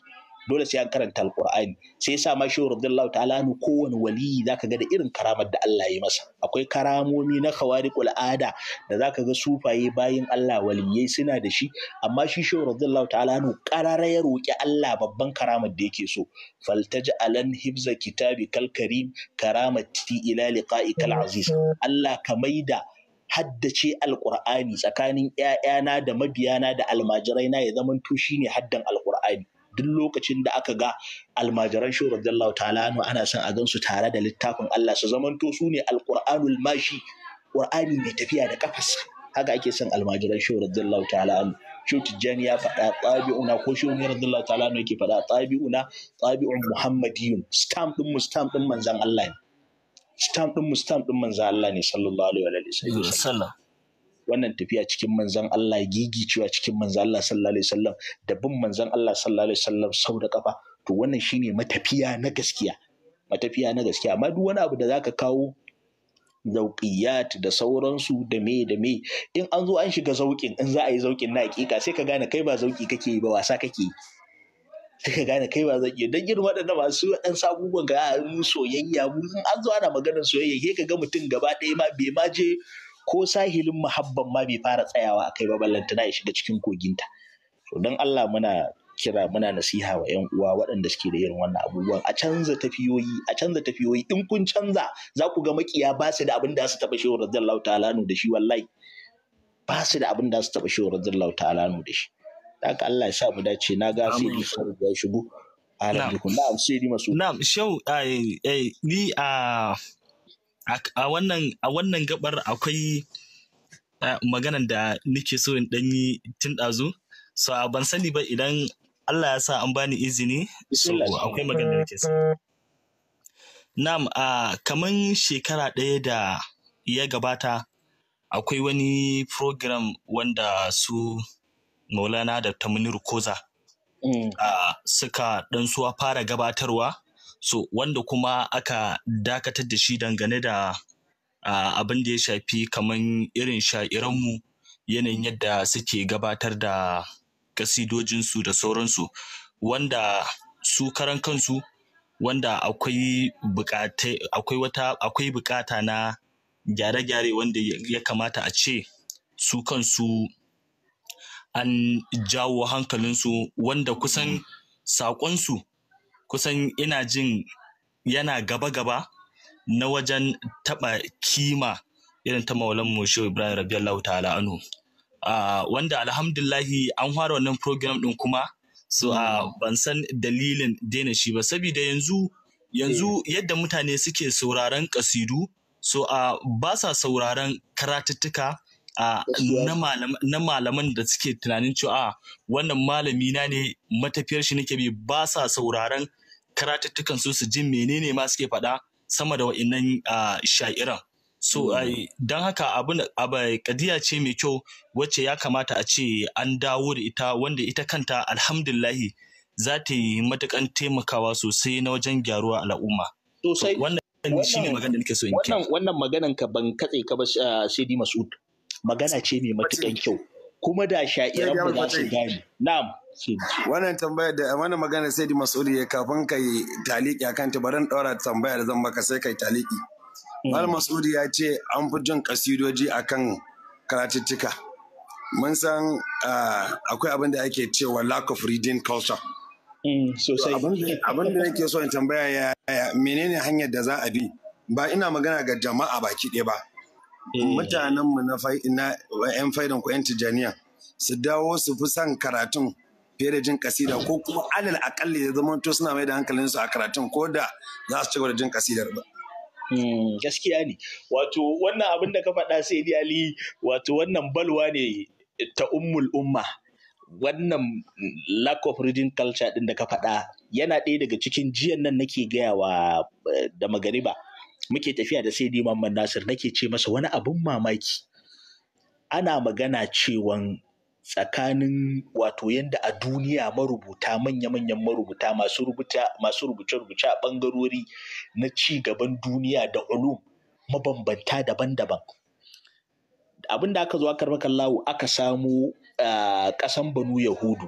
dole sai an karanta alqur'ani sai sa ma shehu radiyallahu ta'ala nu kowane wali zaka ga da irin karamar da Allah ya masa akwai karamomi na khawariqul ada da zaka ga sufaye bayin Allah waliyai suna da shi amma shi shehu radiyallahu ta'ala nu qarara ya roki Allah babban karamar da yake so faltaj'alan hibza kitabi kal karim karamati ila liqa'ikal aziz Allah ka maida haddace alkur'ani tsakanin ‘ya'yana da mabiyana da almajiraina ya zama to shine haddan alkur'ani duk lokacin da aka ga almajiran shi radiyallahu ana son a gansu tare da littafin Allah su zamanto su ne alqur'anul mashi qur'ani mai tafiya da kafas haka ake son almajiran shi radiyallahu ta'ala anu shi tijjani ya faɗa tsabi'una ko shi ne radiyallahu ta'ala anu yake faɗa tsabi'una tsabi'un muhammadiyun stamp din mu stamp din manzon Allah ne stamp din mu stamp din manzon Allah ne sallallahu alaihi wa sallam wannan tafiya cikin manzon Allah gigicewa cikin manzon Allah sallallahu alaihi wasallam da bin manzon Allah sallallahu alaihi wasallam sau da kafa to wannan shine matafiya na gaskiya matafiya na gaskiya amma duk wani abu da za ka kawo zauƙiyat da sauransu da me da me in an zo an shiga zauƙin in za a yi zauƙin na hakika sai ka gane kai ba zauƙi kake yi ba wasa kake yi sai ka gane kai ba zan iya dan irin waɗanda masu ɗan abubuwan ga mu soyayya mu an zo ana maganar soyayya sai ka ga mutum gaba ɗaya ma bai ma je ko sahilin muhabban ma bai fara tsayawa A kai ba tana ya shiga cikin koginta to dan Allah muna kira muna nasiha wa 'yan uwa waɗanda suke da irin wannan abubuwan a canza tafiyoyi a canza tafiyoyi in kun canza za ku ga makiya ba su da abin da su taɓa shehu radiyallahu ta'ala da shi wallahi ba su da abin da su taɓa shehu radiyallahu ta'ala da shi da haka Allah ya sa mu dace na ga sai ya shigo na'am sai di masu na'am shau ni a a wannan a wannan gabar akwai maganan da nake so in danyi tun ɗazu so ban sani ba idan Allah ya sa an bani izini so akwai maganar so Nam a kaman shekara ɗaya da ya gabata akwai wani program wanda su maulana da ta koza mm. suka ɗan suwa fara gabatarwa so wanda kuma aka dakatar da shi dangane da abin da ya shafi kamar irin sha'iranmu yanayin yadda suke gabatar da kasidojinsu da sauransu wanda su karan kansu wanda akwai akwai bukata na gyare-gyare wanda ya kamata a ce su kansu an jawo hankalinsu wanda kusan mm. saƙonsu kusan ina jin yana gaba-gaba na wajen taɓa kima irin ta maulan shehu ibrahim rabiyallahu ta'ala anu wanda alhamdulahi an fara wannan program ɗin kuma so a mm. ban san dalilin daina shi ba saboda yanzu yanzu mm. yadda mutane suke sauraron ƙasidu, so a ba sa sauraron karatuttuka na malaman da suke tunanin cewa ah, wannan malami na ne matafiyar shi nake bi ba sa sauraron karatattukan su su jin menene ma suke faɗa sama da wa'innan sha'iran. So, hmm. don haka abin kadiya ce mai kyau wacce ya kamata a ce an dawo da ita wanda ita kanta alhamdulahi za ta yi matukan taimakawa sosai na wajen gyaruwa al'umma. Wannan shi ka ban katse ka ba Shedi Masud. magana ce mai matukan kyau kuma da sha'irar mu za su gane na'am wannan tambayar da wannan magana sai di masudi ya kafin kai taliki akan ta barin daura tambayar zan baka sai kai taliki hmm. Mal Masudi ya ce an fi jin kasidoji akan karatuttuka. Mun san akwai abin da ake cewa lack of reading culture. Hmm, abin da nake so in tambaya ya menene hanyar da za a bi ba ina magana ga jama'a baki ɗaya ba Eh. mutanenmu na yan faidan ku yan tijaniya su dawo su fi son karatun fiye da jin kasida ko kuma alal akalli ya zama to suna mai da hankalinsu a karatun ko da za su ci da jin kasidar ba. Hmm, gaskiya ne wato wannan abin da ka faɗa sai dai ali wato wannan balwa ne ta ummul umma wannan lack of reading culture din da ka faɗa yana ɗaya daga cikin jiyan nan nake gaya wa eh, da magariba muke tafiya da sai Imam Nasir nake ce masa wani abun mamaki ana magana cewa tsakanin wato yadda a duniya marubuta manya-manyan marubuta masu rubuce-rubuce a bangarori na ci gaban duniya da ulum mabambanta daban-daban abin da aka zo aka raka lawo aka samu ah, ƙasan banu yahudu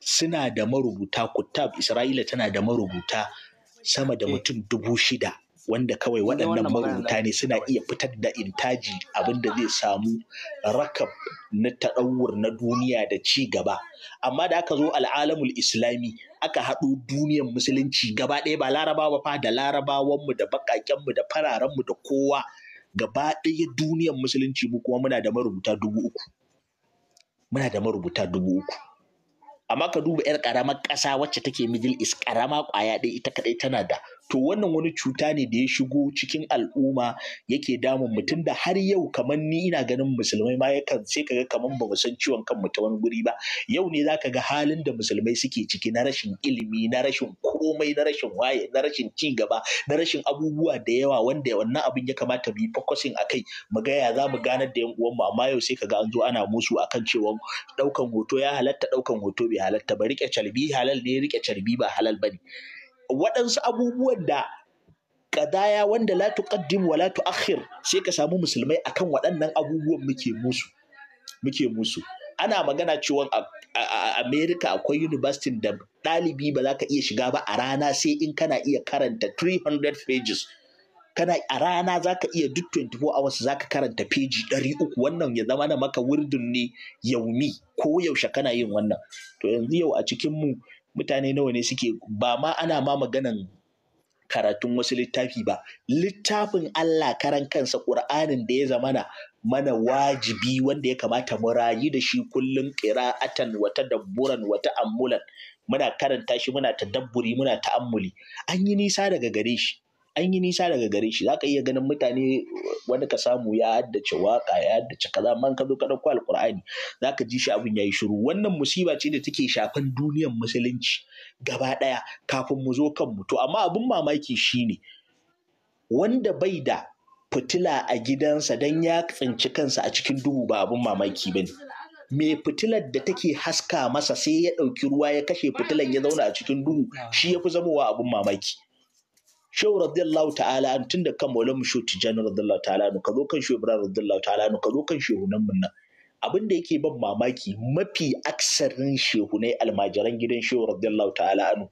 suna da marubuta kuttab isra'ila tana da marubuta sama da eh. mutum dubu shida wanda kawai waɗannan marubuta ne suna iya fitar da intaji abinda zai samu rakab na taɗawur na duniya da ci gaba amma da aka zo al'alamul islami aka haɗo duniyar musulunci gaba ɗaya ba larabawa fa da larabawanmu da baƙaƙenmu da fararenmu da kowa gaba ɗaya duniyar musulunci mu kuma muna da marubuta dubu uku muna da marubuta dubu uku amma ka duba 'yar ƙaramar ƙasa wacce take middle east ƙarama ƙwaya ɗaya ita kaɗai tana da to wannan wani cuta ne da ya shigo cikin al'umma yake damun mutum da har yau kamar ni ina ganin musulmai ma ya kan sai kaga kamar ba san ciwon kan mu ta wani guri ba yau ne zaka ga halin da musulmai suke ciki na rashin ilimi na rashin komai na rashin waye na rashin ci gaba na rashin abubuwa da yawa wanda wannan abin ya kamata mu yi focusing akai mu ga ya za mu ganar da yan uwan mu amma yau sai kaga an zo ana musu akan cewa daukan hoto ya halatta daukan hoto bai halatta ba rike calbi halal ne rike calbi ba halal bane waɗansu abubuwan da kadaya wanda la tuqaddim wa la tuakhir sai ka samu musulmai akan waɗannan abubuwan muke musu ana magana cewa a America akwai university da ɗalibi ba za ka iya shiga ba a rana sai in kana iya karanta 300 pages kana a rana za ka iya duk 24 hours za ka karanta page 300 wannan ya zama na maka wurdun ne yaumi ko yaushe kana yin wannan to yanzu yau a cikin mu mutane nawa ne suke ba ma ana ma maganan karatun wasu littafi ba littafin Allah karan kansa ƙur'anin da ya zamana mana wajibi wanda ya kamata mu rayu da shi kullum ƙira'atan wata dabburan, wata ammulan. muna karanta shi muna tadabburi muna ta'ammuli an yi nisa daga gare shi an yi nisa daga gare shi zaka iya ganin mutane wani ka samu ya haddace waka ya haddace kaza man ka zo ka dauko alqur'ani zaka ji shi abin yayi shiru wannan musiba ce da take shafan duniyar musulunci gaba ɗaya kafin mu zo kanmu to amma abin mamaki shine wanda bai da fitila a gidansa dan ya tsinci kansa a cikin duhu ba abin mamaki bane me fitilar da take haska masa sai ya ɗauki ruwa ya kashe fitilar ya zauna a cikin duhu shi ya fi zamowa abin mamaki shehu radiyallahu ta'ala an tun da kan maulan shehu tijjani radiyallahu ta'ala nu ka zo kan shehu ibrahim radiyallahu ta'ala nu ka zo kan shehu nan mun nan abin da yake ban mamaki mafi aksarin shehunai almajiran gidan shehu radiyallahu ta'ala anu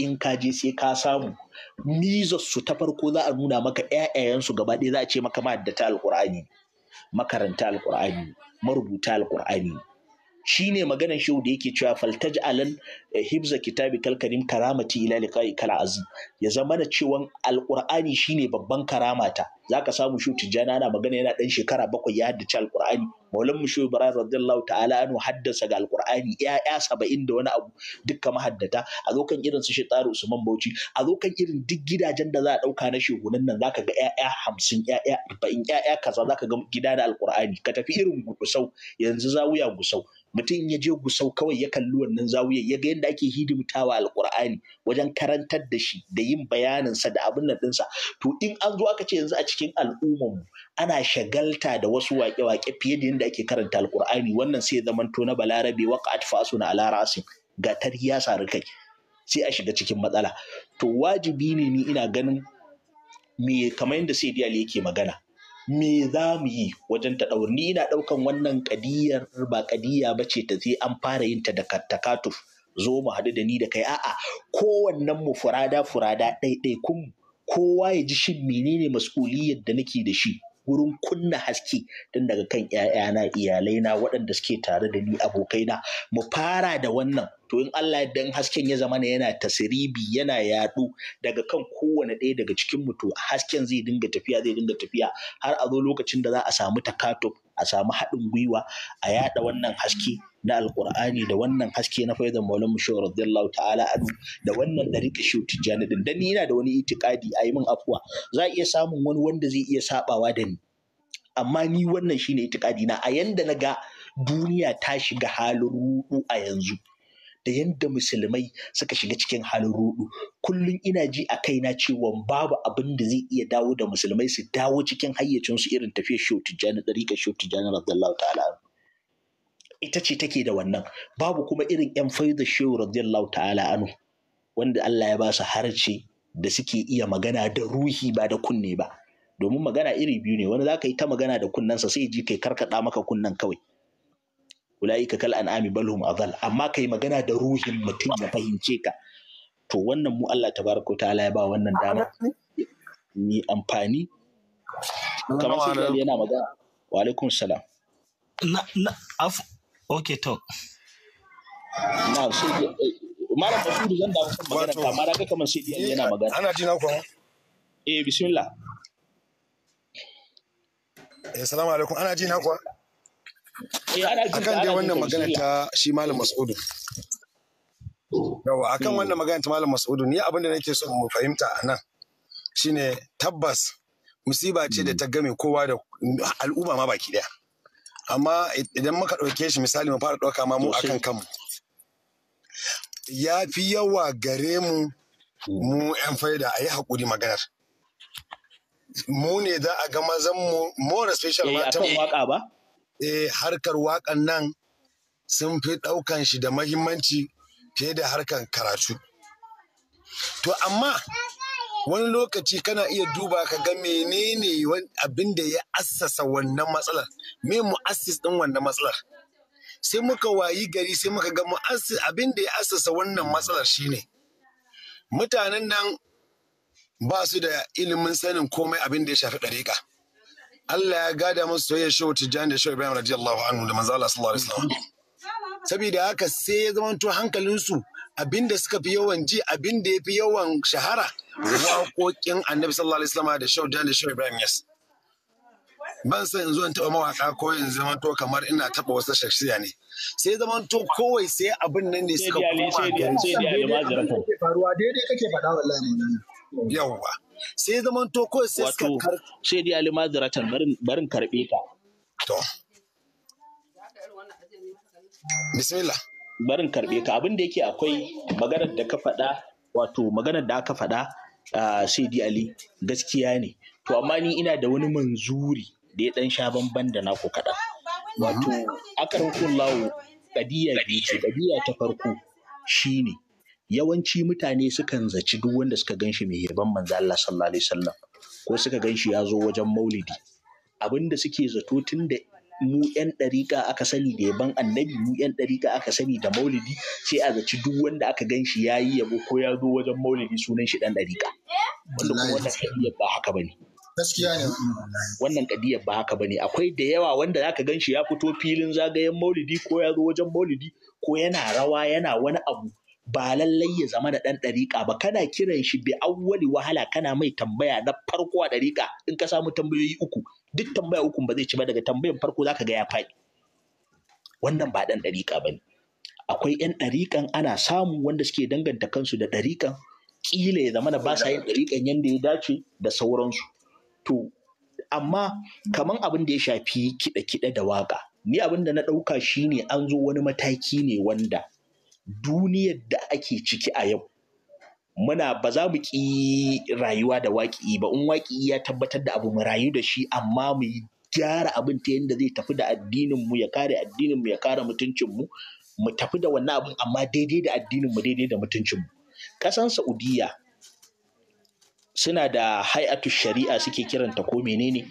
in ka je sai ka samu mizar su ta farko za a nuna maka ƴaƴayensu gaba ɗaya za a ce maka ma'addata alƙur'ani makaranta alƙur'ani marubuta alƙur'ani Shi ne maganar shehu da yake cewa faltaj alal eh, hibza kitabi kalkarim karamati ila liqa'i kal ya zama na cewa alqur'ani shine babban karamata za ka samu shu tijjana ana magana yana ɗan shekara bakwai ya haddace alƙur'ani maulan mu shehu ibrahim radiyallahu ta'ala anu haddasa ga alƙur'ani ya'ya saba'in da wani abu dukka mahaddata a zo irin su shi su usman bauchi a zo irin duk gidajen da za a ɗauka na shehunan nan za ka ga ya'ya hamsin ya'ya arba'in ya'ya kaza ka ga gida na alƙur'ani ka tafi irin gusau yanzu zawuya gusau mutum ya je gusau kawai ya kalli wannan zawiyar ya ga yadda ake hidimtawa alƙur'ani wajen karantar da shi da yin bayaninsa da abin nan ɗinsa to in an zo aka ce yanzu a cikin cikin mu ana shagalta da wasu waƙe-waƙe fiye da yadda ake karanta alƙur'ani wannan sai zamanto na balarabe waka atfasu na ala rasin gatar ya sari kai sai a shiga cikin matsala to wajibi ne ni ina ganin me kamar yadda sai diyali yake magana me za mu yi wajen ta ɗaur ni ina ɗaukan wannan ƙadiyar ba ƙadiya ba ce ta sai an fara yin ta da takatuf zo mu haɗu da ni da kai a'a kowannen mu furada furada ɗaiɗaikun mu kowa ya ji shin menene mas'uliyar da nake da shi wurin kunna haske tun daga kan ‘ya'yana iyalaina waɗanda suke tare da ni abokaina mu fara da wannan to in Allah dan hasken ya zama yana tasiribi yana yaɗu daga kan kowane ɗaya daga cikin mu to hasken zai dinga tafiya zai dinga tafiya har a zo lokacin da za a samu takato a samu haɗin gwiwa a yaɗa wannan haske na alkur'ani da wannan haske na faizan maulan mushe radiyallahu ta'ala anu da wannan ɗariƙa shi tijjani din dan ni yana da wani itikadi a yi min afuwa za a iya samun wani wanda zai iya saɓawa da ni amma ni wannan shine itikadi na a yanda na ga duniya ta shiga halin ruɗu a yanzu da yadda musulmai suka shiga cikin halin ruɗu, kullum ina ji a kaina cewa babu abin da zai iya dawo da musulmai su dawo cikin hayyacinsu irin tafiyar shehu tijjani ɗariƙar radiyallahu ta'ala ita ce take da wannan babu kuma irin yan faida shehu radiyallahu ta'ala anu wanda Allah ya ba su harce da suke iya magana da ruhi ba da kunne ba domin magana iri biyu ne wani za ka yi ta magana da kunnensa sai ji kai karkaɗa maka kunnen kawai ulaika kal an'ami bal hum adall amma kai magana da ruhin mutum ya fahimce ka to wannan mu Allah tabaraka ta'ala ya ba wannan dama ni amfani kamar sai yana magana wa alaikum salam na na af okay to na shi eh, malam basiru zan dawo kan magana ka mara ka kamar shi yana magana ana ji na ku eh bismillah assalamu eh, alaikum ana ji na ku Eh, akan dai wannan magana ta shi malam mas'udu yawa akan hmm. wannan magana ta malam mas'udu ni abin da nake so mu fahimta a nan shine tabbas musiba ce da hmm. ta game kowa da al'umma ma baki daya amma idan muka ɗauke shi misali mu fara ɗauka ma mu akan kanmu ya fi yawa gare mu hmm. mu 'yan faida a yi haƙuri maganar mu ne za a ga mazan mu more special eh, matan waka ba eh harkar waƙan nan sun fi ɗaukan shi da mahimmanci fiye da harkar karatu to amma wani lokaci kana iya duba ka ga menene abin da ya assasa wannan matsalar me mu'assis din wannan matsalar sai muka wayi gari sai muka ga mu'assis abin da ya assasa wannan matsalar shine mutanen nan ba su da ilimin sanin komai abin da ya shafi ɗariƙa. Allah ya gada musu soyayya wa tijjani da shehu ibrahim radiyallahu anhu da Manzala sallallahu alaihi wasallam saboda haka sai ya zamanto hankalinsu abinda suka fi yawan ji abinda ya fi yawan shahara waƙoƙin annabi sallallahu alaihi wasallam da shehu tijjani da shehu ibrahim yes. ban san yanzu in taɓa mawaƙa ko yanzu to kamar ina taɓa wasu shaksiya ne sai to kowai sai abin nan ne suka koma daidai kake faruwa daidai kake faɗa wallahi yawwa sai zaman to ko sai suka kar sai dai almadiratan barin barin karbe ka to bismillah barin karbe ka abin da yake akwai maganar da ka faɗa wato maganar da aka faɗa ah, sai dai Ali gaskiya ne to amma ni ina da wani manzuri da ya dan sha bamban da nako kaɗan wato akarkun lawo ne ce ta farko shine yawanci mutane sukan zaci duk wanda suka shi mai yaban manzo Allah sallallahu alaihi wasallam ko suka shi ya zo wajen maulidi abinda suke zato tun da mu yan ɗariƙa aka sani da yaban annabi mu yan ɗariƙa aka sani da maulidi sai a zaci duk wanda aka shi ya yi yabo ko ya zo wajen maulidi sunan shi ɗan ɗariƙa wanda kuma wannan kadiyar ba haka bane gaskiya ne wannan kadiyar ba haka bane akwai da yawa wanda zaka shi ya fito filin zagayen maulidi ko ya zo wajen maulidi ko yana rawa yana wani abu ba lallai ya zama da ɗan ɗariƙa ba kana kiran shi bi awwali wahala kana mai tambaya na farko a ɗariƙa in ka samu tambayoyi uku duk tambaya uku ba zai ci ba daga tambayan farko zaka ga ya faɗi wannan ba ɗan ɗariƙa ba ne akwai 'yan ɗariƙan ana samu wanda suke danganta kansu da ɗariƙan ƙila ya zama da ba sa yin ɗariƙan yadda ya dace da sauransu to amma kaman abin da ya shafi kiɗe-kiɗe da waƙa ni abin da na ɗauka shine an zo wani mataki ne wanda duniyar da ake ciki a yau muna ba za mu ƙi rayuwa da waƙi ba in waƙi ya tabbatar da abu mu rayu da shi amma mu yi gyara abin ta yadda zai tafi da addininmu ya kare addininmu ya kare mutuncinmu mu tafi da wannan abin amma daidai da addininmu daidai da mutuncinmu ƙasan saudiya suna da hay'atu shari'a suke kiranta ko menene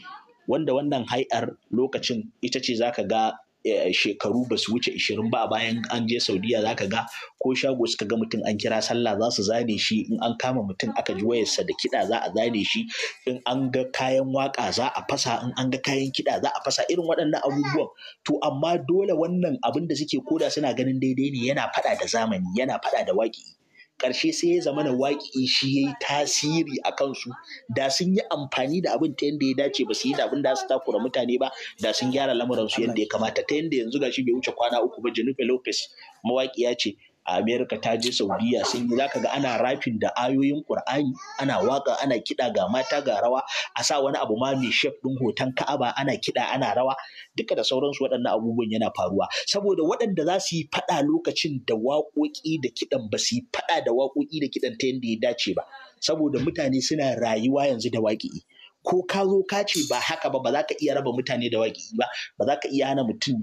wanda wannan hai'ar lokacin ita ce za ka ga Eh, shekaru ba su wuce ishirin ba bayan an je saudiya za ka ga ko shago suka ga mutum an kira sallah za su zane shi in an kama mutum aka ji wayarsa da kiɗa za a zane shi in an ga kayan waka za a fasa in an ga kayan kiɗa za a fasa irin waɗannan abubuwan to amma dole wannan abin da suke koda suna ganin daidai ne yana faɗa da zamani yana faɗa da waƙi ƙarshe sai ya zama na waƙi shi ya yi tasiri a kansu da sun yi amfani da abin ta yadda ya dace ba su yi da abin da su takura mutane ba da sun gyara lamuransu yadda ya kamata ta yadda yanzu gashi bai wuce kwana uku ba Jennifer Lopez mawaƙiya ce amerika ta je saudiya sun yi zaka ga ana rafin da ayoyin qur'ani ana waka ana kiɗa ga mata ga rawa a sa wani abu ma mai shef ɗin hoton ka'aba ana kiɗa ana rawa duka da sauransu waɗannan abubuwan yana faruwa saboda waɗanda za su yi faɗa lokacin da waƙoƙi da kiɗan ba su yi faɗa da waƙoƙi da kiɗan ta yadda ya dace ba saboda mutane suna rayuwa yanzu da waƙi'i ko ka zo ka ce ba haka ba ba za ka iya raba mutane da waƙi ba ba za ka iya hana mutum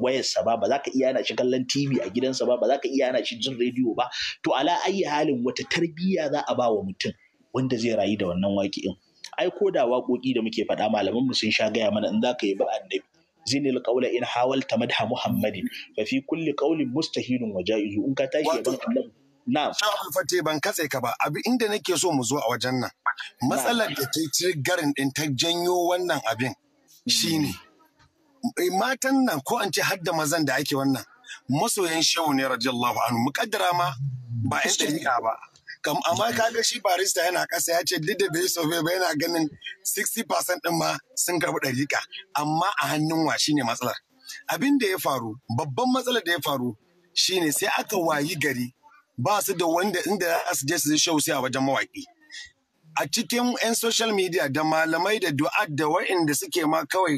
wayarsa ba ba za ka iya hana shi kallon tv a gidansa ba ba za ka iya hana shi jin rediyo ba to ala ayi halin wata tarbiyya za a ba wa mutum wanda zai rayu da wannan waƙi'in ai ko da waƙoƙi da muke faɗa malaman mu sun sha gaya mana in za ka yi ba annabi zinil qawla in hawalta madha muhammadin fa fi kulli qawlin mustahilun wa jaizu in ka tashi ban annabi Na'am. ban katse ka ba. Abin inda nake so mu zo a wajen nan. Matsalar da ta garin din ta janyo wannan abin shine eh, matan nan ko an ce har da mazan da ake wannan masoyan shehu ne radiyallahu anhu mukaddara ma ba yan dariƙa ba kam amma kaga shi barista yana ƙasa ya ce duk da bai so ba yana ganin 60% din ma sun karɓi dariƙa amma a hannun wa shine matsalar abin da ya faru babban matsalar da ya faru shine sai aka wayi gari ba su da wanda inda za su je su show sai a wajen mawaƙi. A cikin 'yan social media da malamai da du'ad da wa'inda suke ma kawai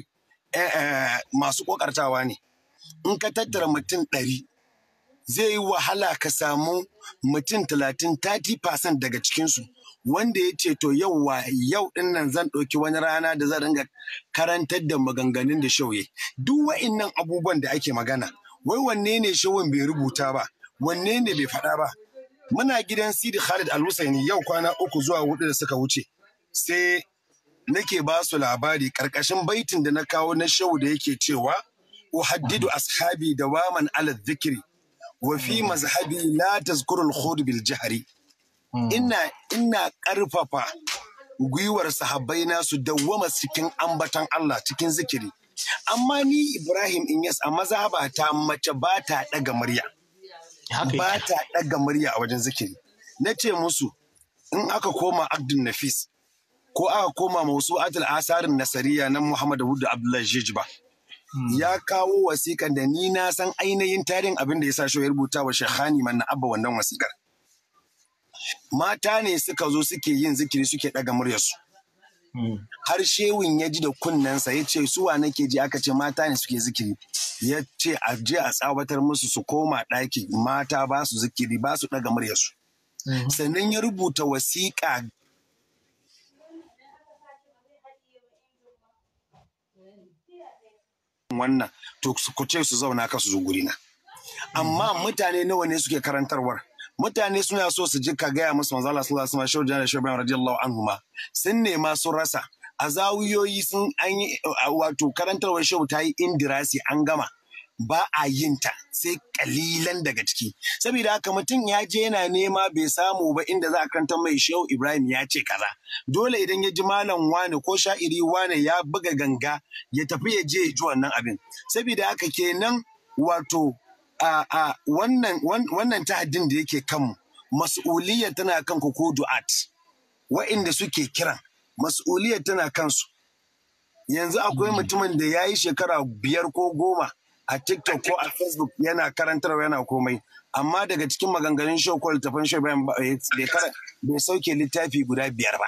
eh, eh, masu kokartawa ne. In ka tattara mutum ɗari, zai yi wahala ka samu mutum talatin 30% daga cikinsu. Wanda ya ce to yau wa yau ɗin nan zan ɗauki wani rana da zan ringa karantar da maganganun da shauye. Duk wa'innan abubuwan da ake magana, wai wanne ne shawin bai rubuta ba, wanne ne bai faɗa ba muna gidan Sidi Khalid al yau kwana uku zuwa hudu da suka wuce sai nake ba su labari ƙarƙashin baitin da na kawo na shau da yake cewa uhaddidu ashabi da waman ala dhikri wa fi mazhabi la tazkuru al bil jahri hmm. ina ina ƙarfafa gwiwar sahabbai na su dawwama cikin ambatan Allah cikin zikiri amma ni Ibrahim Inyas a mazhabata mace ba ta daga murya ba ta ɗaga murya a wajen zikiri na ce musu in aka koma abdul nafis ko aka koma musu atul asarin nasariya na muhammadu wudu abdullahi ba hmm. ya kawo wasikar da ni na san ainihin tarihin abin da ya sa shi rubuta wa shekhani man abba wannan wasikar. mata ne suka zo suke yin zikiri suke ɗaga muryarsu har shewin ya ji da kunnensa ya ce suwa nake ji aka ce mata ne suke zikiri ya ce a je a tsawatar musu su koma ɗaki mata ba su zikiri ba su ɗaga muryarsu mm-hmm. sannan ya rubuta wasiƙa wannan to ku ce su zauna ka su zo na. amma mm-hmm. mutane nawa ne suke karantarwar mutane suna so su ji ka gaya musu manzo Allah sallallahu alaihi wasallam da shaidan radiyallahu anhuma sun nema sun rasa a zawiyoyi sun an yi wato karantarwar shehu ta yi indirasi an gama ba a yin ta sai kalilan daga ciki saboda haka mutum ya je yana nema bai samu ba inda za a karanta mai shehu ibrahim ya ce kaza dole idan ya ji malam wane ko sha'iri wane ya buga ganga ya tafi ya je ya ji wannan abin saboda haka kenan wato A'a, wannan ta tahaddin da yake kan Mas'uliyar tana kan ku ko du'at wa'inda suke kiran mas'uliyar tana kansu yanzu akwai mutumin da ya yi shekara biyar ko goma a TikTok ko a Facebook yana karantar yana komai amma daga cikin maganganun shokol tafan eh, bai sauke littafi guda biyar ba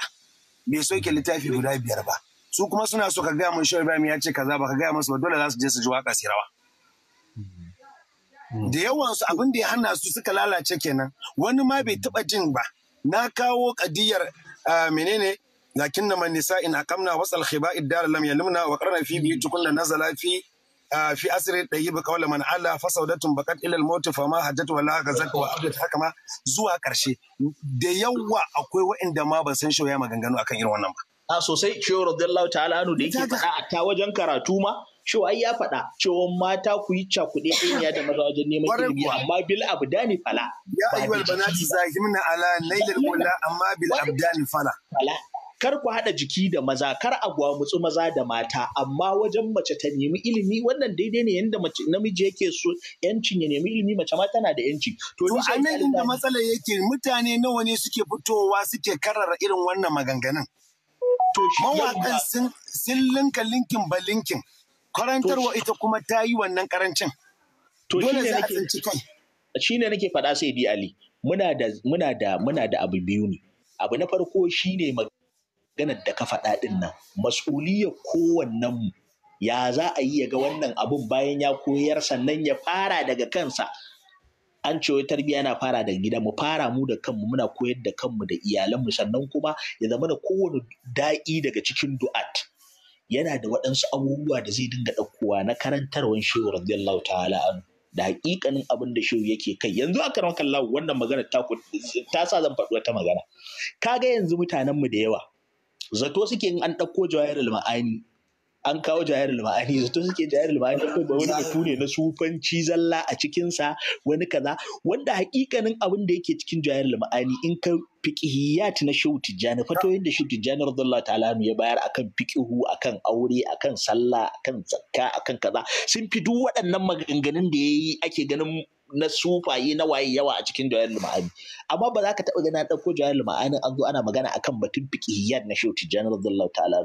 bai sauke littafi guda biyar ba su kuma suna so ka gaya mun shobran ya ce kaza ba ka gaya musu ba dole za su je su ji waka sirawa Mm. da yawansu abin da ya hana su suka lalace kenan wani ma bai mm. taba jin ba na kawo kadiyar ah, menene lakin na manisa in akamna wasu alkhiba iddara lam yalumna wa karna fi mm. biyu bi tukunna nazala fi ah, fi asri dayyib qawla man ala fasaudatun bakat bakar ilal maut fama hajjat wala ga zaka. wa abdat haka ma zuwa karshe da yawa akwai waɗanda ma ban san shoya maganganu akan irin wannan ba a ah, sosai shehu radiyallahu ta'ala anu da yake faɗa a ta wajen karatu ma cewa ai ya faɗa cewa mata ku yi cakuɗe ɗiniya da maza wajen neman ilimi amma bil abdani fala ya ayyuhal banati zahimna ala nailil qulla amma bil abdani fala fala kar ku haɗa jiki da maza kar a gwamutsu maza da mata amma wajen mace ta nemi ilimi wannan daidai ne yadda mace namiji yake so yancin ya nemi ilimi mace ma tana da yanci to ni sai nan inda matsala yake mutane nawa ne suke fitowa suke karara irin wannan maganganun to shi sun linka linkin ba linkin karantarwa ita kuma ta yi wannan karancin. Dole za a tsinci kai. Shi ne nake faɗa sai bi Ali. Muna da muna da abu biyu ne. Abu na farko shi ne maganar da ka faɗa ɗin nan. Mas'uliyar kowannen mu ya za a yi ya ga wannan abun bayan ya koyar sannan ya fara daga kansa. an ce wai tarbiyya yana fara daga gida mu fara mu da kanmu muna koyar da kanmu da iyalanmu sannan kuma ya zama da kowane da'i daga cikin du'at yana da waɗansu abubuwa da zai dinga ɗaukowa na karantarwan shehu radiyallahu ta'ala an da hakikanin abin da shehu yake kai yanzu aka ran kallahu wannan magana ta sa zan faɗi wata magana kaga yanzu mutanen mu da yawa zato suke in an ɗauko jawahirul ma'ani an kawo jayar ma'ani zato suke jayar lumani akwai ba wani mutu ne na sufanci zalla a cikinsa wani kaza wanda hakikanin abin da yake cikin jayar lumani in ka fiqhiyat na shehu tijjani fatoyin da shehu tijjani radiyallahu ta'ala ya bayar akan fiqhu akan aure akan sallah akan zakka akan kaza sun fi duk waɗannan maganganun da yayi ake ganin na sufaye na waye yawa a cikin jayar lumani amma ba za ka taɓa ganin an ɗauko jayar lumani an zo ana magana akan batun fiqhiyat na shehu tijjani radiyallahu ta'ala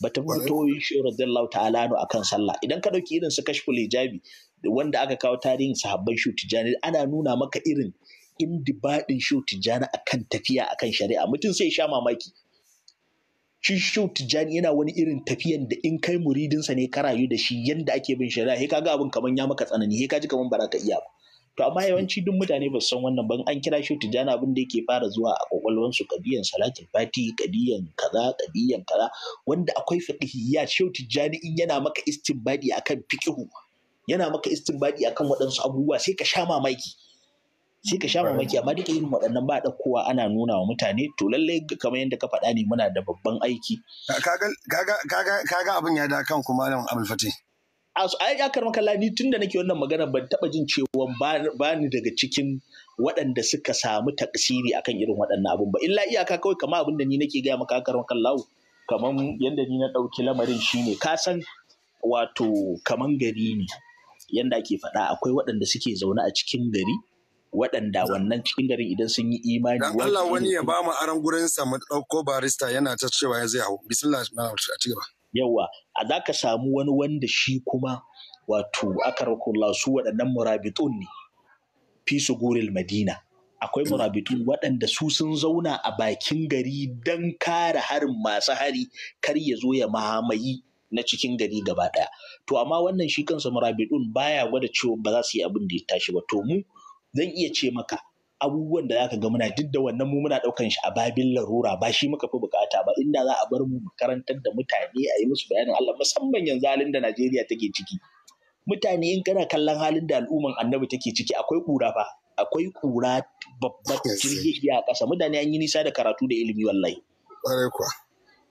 bata fito shi radiyallahu ta'ala a kan sallah idan ka dauki irin su kashful hijabi wanda aka kawo tarihin sahabban shu tijani ana nuna maka irin indibadin shu tijani akan tafiya akan shari'a mutum sai sha mamaki shi shu tijani yana wani irin tafiyan da in kai muridinsa ne ka rayu da shi yadda ake bin shari'a he kaga abin kaman ya maka tsanani he kaji kaman ba ka iya ba to amma yawanci duk mutane ba su san wannan ban an kira shi tijjani abin da yake fara zuwa a kwakwalwar su kadiyan salatin fati kadiyan kaza kadiyan kaza wanda akwai fiqhiyya shi tijani in yana maka istinbadi akan fiqhu yana maka istinbadi akan waɗansu abubuwa sai ka sha mamaki sai ka sha mamaki amma duk irin waɗannan ba kowa ana nuna wa mutane to lallai kamar yadda ka faɗa ne muna da babban aiki kaga abin ya da kan kuma malam Fatih ai ya karma makalla ni tunda nake wannan magana ban taba jin cewa ba ni daga cikin waɗanda suka samu taksiri akan irin waɗannan abun ba illa iyaka kawai kama abin da ni nake gaya maka karma makalla? kaman yanda ni na ɗauki lamarin shine ka san wato kaman gari ne yanda ake faɗa akwai waɗanda suke zaune a cikin gari waɗanda wannan cikin garin idan sun yi imani dan Allah wani ya ba mu aran gurin sa mu ɗauko barista yana ta cewa ya zai hau bismillah a ci gaba yawa a za ka samu wani wanda shi kuma wato aka rakulla su waɗannan murabitun ne fi su guril madina akwai murabitun waɗanda su sun zauna a bakin gari don kare harin masu hari kar ya zo ya mahamayi na cikin gari gaba ɗaya to amma wannan shi kansa murabitun baya gwada cewa ba za su yi abin da ya tashi ba to mu zan iya ce maka abubuwan da zaka ga muna duk da wannan mu muna ɗaukan shi a babin larura ba shi muka fi bukata ba inda za a bar mu karantar da mutane a yi musu bayanin Allah musamman yanzu halin da Najeriya take ciki mutane in kana kallon halin da al'umman annabi take ciki akwai kura fa akwai kura babbar jirgi a kasa mutane an yi nisa da karatu da ilimi wallahi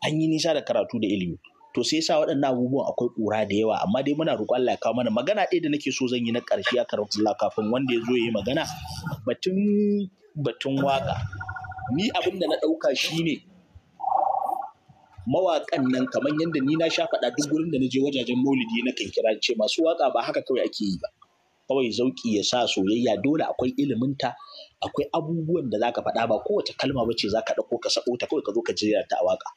an yi nisa da karatu da ilimi to sai sa waɗannan abubuwan akwai ƙura da yawa amma dai muna roƙon Allah ya kawo mana magana ɗaya da nake so zan yi na ƙarshe a karamtullah kafin wanda ya zo ya yi magana batun batun waka ni abin da na ɗauka shine mawaƙan nan kamar yadda ni na sha faɗa duk gurin da na je wajajen maulidi na kan kira ce masu waka ba haka kawai ake yi ba kawai zauki ya sa soyayya dole akwai ilimin ta akwai abubuwan da zaka faɗa ba kowace kalma bace zaka ɗauko ka sako ta kawai ka zo ka jira ta a waka.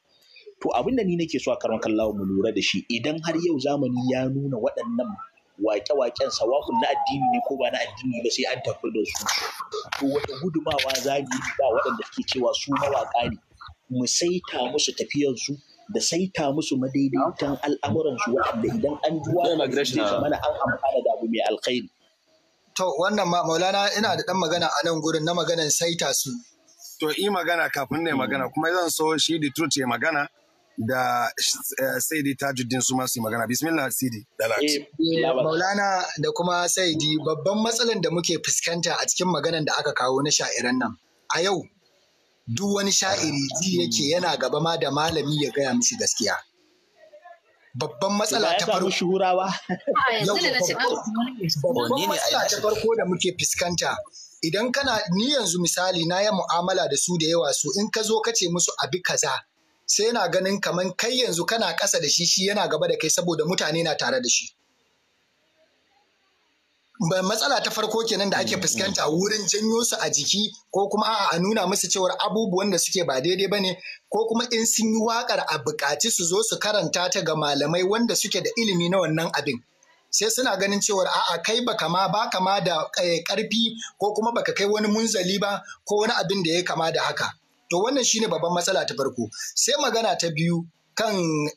to abin da ni nake so a karon kallawa mu lura da shi idan har yau zamani ya nuna waɗannan waƙe-waƙen, sawa'un na addini ne ko ba na addini ba sai an tafi da su to wata gudumawa za mu yi ba waɗanda suke cewa su mawaƙa ne mu saita musu tafiyarsu da saita musu madaidaitan al'amuransu waɗanda idan an ji wani mana an amfana da abu mai alkhairi. To wannan ma maulana ina da ɗan magana a nan gurin na maganan saita su. To yi magana kafin ne magana kuma zan so shi da ya magana. da eh, saidi tajuddin su masu magana bismillah sidi eh, eh, maulana da kuma saidi babban matsalan da muke fuskanta a cikin maganan da aka kawo na sha'iran nan a yau duk wani sha'iri ji yake yana gaba ma da malami ya gaya mishi gaskiya babban matsala ta farko babban oh, matsala ta farko da muke fuskanta idan kana ni yanzu misali na yi mu'amala da su da yawa su in ka zo ka ce musu abi kaza sai yana ganin kamar kai yanzu kana ƙasa da shi shi yana gaba da kai saboda mutane na tare da shi matsala ta farko kenan da ake mm, mm. fuskanta wurin janyo su a jiki ko kuma a nuna musu cewar abubuwan da suke ba daidai ba ne, ko kuma in sun yi wakar a buƙaci su zo su karanta ta ga malamai wanda suke da ilimi na wannan abin sai suna ganin cewar a'a kai baka ma ba kama da eh, ƙarfi ko kuma baka kai wani munzali ba ko wani abin da ya kama da haka To wannan shine babban matsala ta farko. Sai magana ta biyu kan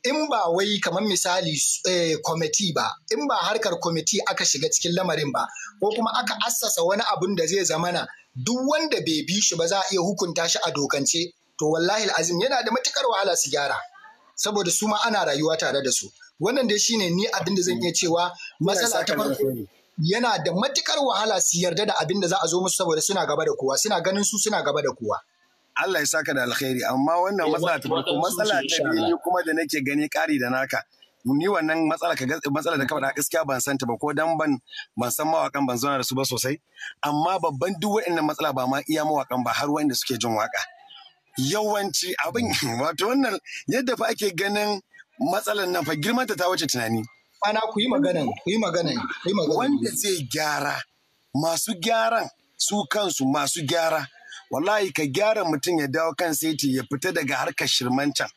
in ba wai kamar misali eh, kwamiti ba, in ba harkar kwamiti aka shiga cikin lamarin ba, ko kuma aka assasa wani abun da zai zamana duk wanda bai bi shi ba za a iya hukunta shi a dokance, to wallahi azim yana da matukar wahala su gyara. Saboda su ma ana rayuwa tare da su. Wannan dai shine ni abin da zan iya cewa matsala ta farko. Yana da matukar wahala su yarda da abin da za a zo musu saboda suna gaba da kowa, suna ganin su suna gaba da kowa. Allah ya saka da alkhairi amma wannan eh, matsala ta farko matsala ta biyu kuma da nake gani ƙari da naka ni wannan matsala ka matsala da faɗa gaskiya ban san ta ba ko dan ban ban san mawakan ban zauna da su ba sosai amma babban duk wa'annan matsala ba ma iya mawakan ba har wanda suke jin waka yawanci abin wato wannan yadda fa ake ganin matsalan nan fa girman ta ta wuce tunani ana ku yi magana ku yi magana ku yi magana wanda zai gyara masu gyaran su kansu masu gyara wallahi ka gyara mutum ya dawo kan saiti ya fita daga harkar shirmancan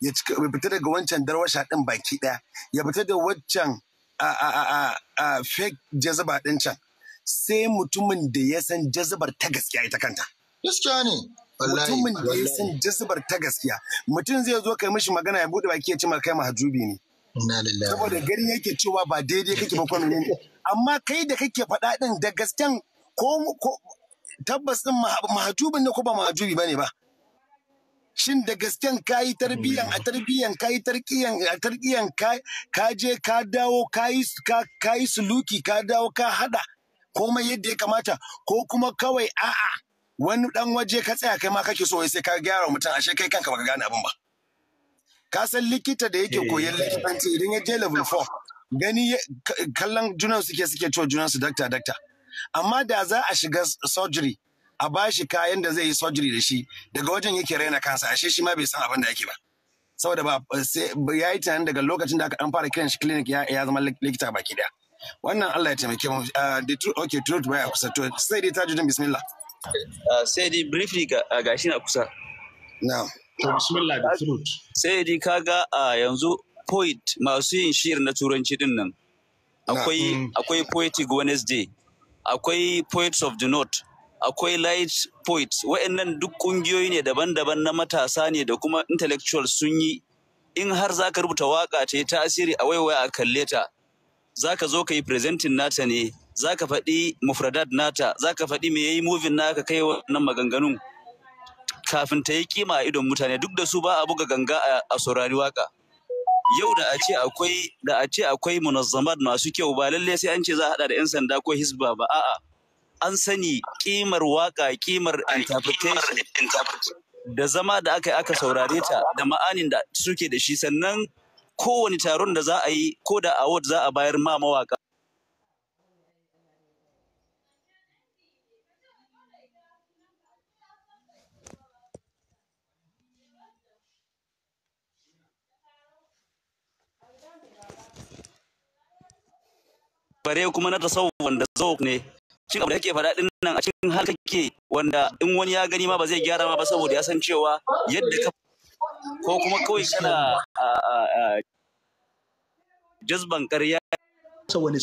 ya fita daga wancan darwasha ɗin baki ɗaya ya fita da waccan a fake jazaba ɗin can sai mutumin da ya san jazabar ta gaskiya ita kanta gaskiya ne mutumin da ya san jazabar ta gaskiya mutum zai zo kai mishi magana ya bude baki ya ce kai mahajubi ne saboda gari yake cewa ba daidai kake ba kwamin amma kai da kake faɗa din da gasken ko tabbas din mahajubin ne ko ba mahajubi bane ba shin da gasken kayi tarbiyan a tarbiyan kayi tarkiyan a tarkiyan ka je ka dawo kayi kayi suluki ka dawo ka hada komai yadda ya kamata ko kuma kawai a'a wani dan waje ka tsaya kai ma kake so sai ka gyara mutum ashe kai kanka baka gane abin ba ka san likita da yake eh. koyon likitanci idan ya je level 4 gani kallon junan suke suke cewa junan su dakta dakta amma da za a shiga surgery a ba shi kayan da zai yi surgery da shi daga wajen yake raina kansa ashe shi ma bai san abin da yake ba saboda ba ya yi tunanin daga lokacin da aka an fara kiran shi clinic ya zama likita baki daya wannan Allah ya taimake mu ah, the truth okay truth baya kusa to sai dai tajudin bismillah ah, sai dai briefly ga ah, shi na kusa na'am to bismillah the truth sai dai kaga yanzu poet masu yin shirin na turanci din nan akwai akwai poetic wednesday akwai poets of the north akwai light points wa'annan duk kungiyoyi ne daban-daban na matasa ne da kuma intellectual sun yi in har za ka rubuta waka ta yi tasiri a waiwaya a kalle ta za ka zo ka yi presenting nata ne za ka faɗi mufradat nata za ka faɗi me yayi movin naka kai wannan maganganun kafin ta yi kima a idon mutane duk da su ba a buga ganga a saurari waka yau da a ce akwai da a ce akwai munazzamat masu kyau ba lalle sai an ce za a hada da yan sanda ko hisba ba a'a an sani kimar waka kimar interpretation da zama da aka aka saurare ta da ma'anin da suke da shi sannan koWani taron da za a yi ko da award za a bayar ma mawaka bare kuma na tasawuf wanda zauk ne shin abu da yake faɗa din nan a cikin hal kake wanda in wani ya gani ma ba zai gyara ma ba saboda ya san cewa yadda ka ko kuma kawai kana jazban ƙarya wani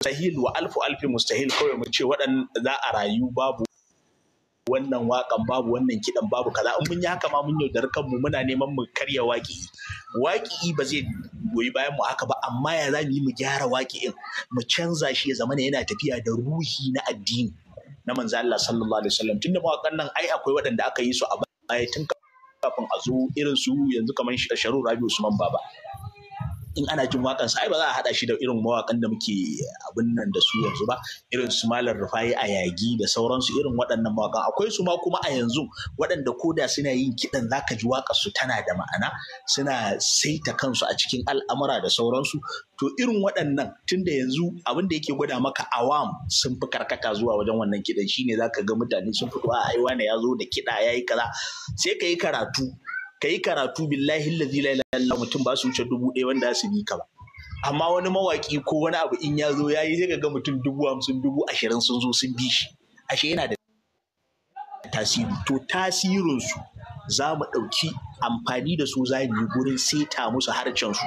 mustahil wa alfu alfi mustahil kawai mu ce waɗanda za a rayu babu wannan wakan babu wannan kiɗan babu kaza in mun yi haka ma mun yaudar kanmu muna neman mu karya waƙi waƙi ba zai goyi bayan mu haka ba amma ya za mu yi mu gyara waƙi'in mu canza shi ya zamana yana tafiya da ruhi na addini na manzo Allah sallallahu alaihi wasallam tunda mawakan nan ai akwai waɗanda aka yi su a baya tun kafin a zo irin su yanzu kamar Sharu Rabi Usman Baba in ana jin wakan sa ai ba za a hada shi da irin mawakan da muke abin nan da su yanzu ba irin su malar rufai a yagi da sauransu irin waɗannan mawakan akwai su ma kuma a yanzu waɗanda koda suna yin kiɗan zaka ji waƙa su tana da ma'ana suna saita kansu a cikin al'amura da sauransu to irin waɗannan tunda yanzu abin da yake gwada maka awam sun fi karkata zuwa wajen wannan kiɗan shine zaka ga mutane sun fito a aiwa ne ya zo da kiɗa yayi kaza sai ka yi karatu ka yi karatu billahi lazi la ilaha mutum ba su wuce dubu ɗaya wanda su bi ka ba amma wani mawaƙi ko wani abu in ya zo ya yi sai ga mutum dubu hamsin dubu ashirin sun zo sun bi shi ashe yana da tasiri to tasirin su za mu ɗauki amfani da su za mu yi gurin seta musu su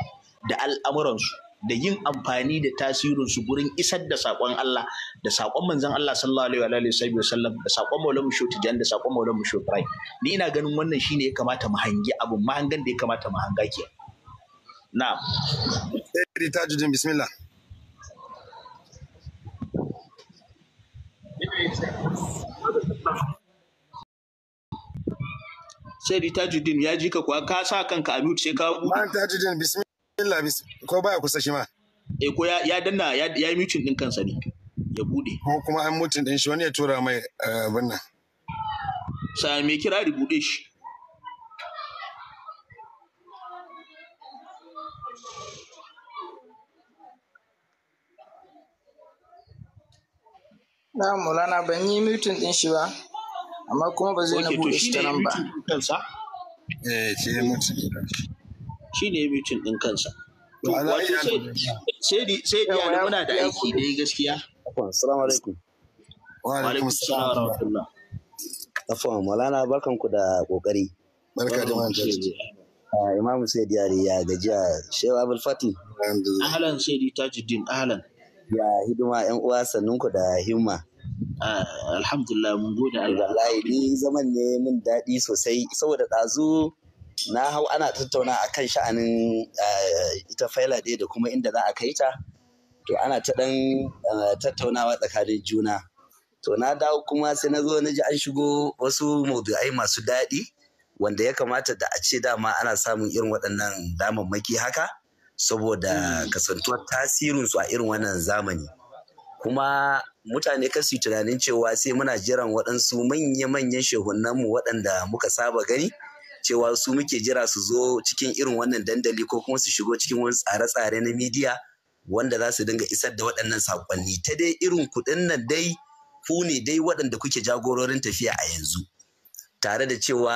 da al'amuransu da yin amfani da tasirin su gurin isar da sakon Allah da sakon manzon Allah sallallahu alaihi wa sallam da sakon Maulana Mushoti Jan da sakon Maulana Mushoti Rai ni ina ganin wannan shine ya kamata mu hangi mu hangan da ya kamata mu hanga ke na'am sai tajudin bismillah sai tajudin ya ji ka kuwa ka sa kanka a mute sai ka ban tajudin bismillah labis ko baya kusa shi ma E, ko ya danna ya yi mutin ɗin kansa ne ya buɗe. ko kuma an mutin ɗin shi wani ya tura mai eh, abin nan sa me kira bude shi Na Maulana ban yi mutum ɗin shi ba, amma kuma ba zai na buɗe shi ta nan ba. Eh, ce mutum ɗin shi. shi ne mutum ɗin kansa. Sai da yana muna da aiki dai gaskiya. Assalamu alaikum. Wa alaikum salam wa Afwan, Malana barkan ku da kokari. Barka da wannan Imam Sayyidi Yari ya gajiya Shehu Abul Fati. Ahlan Sayyidi Tajuddin ahlan. Ya hidima ƴan uwa sannun ku da himma. Alhamdulillah mun gode Allah. Wallahi ni zaman ne mun daɗi sosai saboda ɗazu na hau ana tattauna a kan sha'anin eh, ita faila ɗaya da kuma inda za a kai ta to ana ta ɗan eh, tattaunawa tsakanin juna to na dawo kuma sai na zo na ji an shigo wasu maudu'ai masu daɗi wanda ya kamata da a ce dama ana samun irin waɗannan damammaki haka saboda hmm. kasantuwar su a irin wannan zamani kuma mutane kan su tunanin cewa sai muna jiran waɗansu manya-manyan shehunanmu waɗanda muka saba gani cewa su muke jira su zo cikin irin wannan dandali ko kuma su shigo cikin wani tsare-tsare na midiya wanda za su dinga isar da waɗannan saƙonni ta dai irin kuɗin nan dai ku ne dai waɗanda kuke jagororin tafiya a yanzu tare da cewa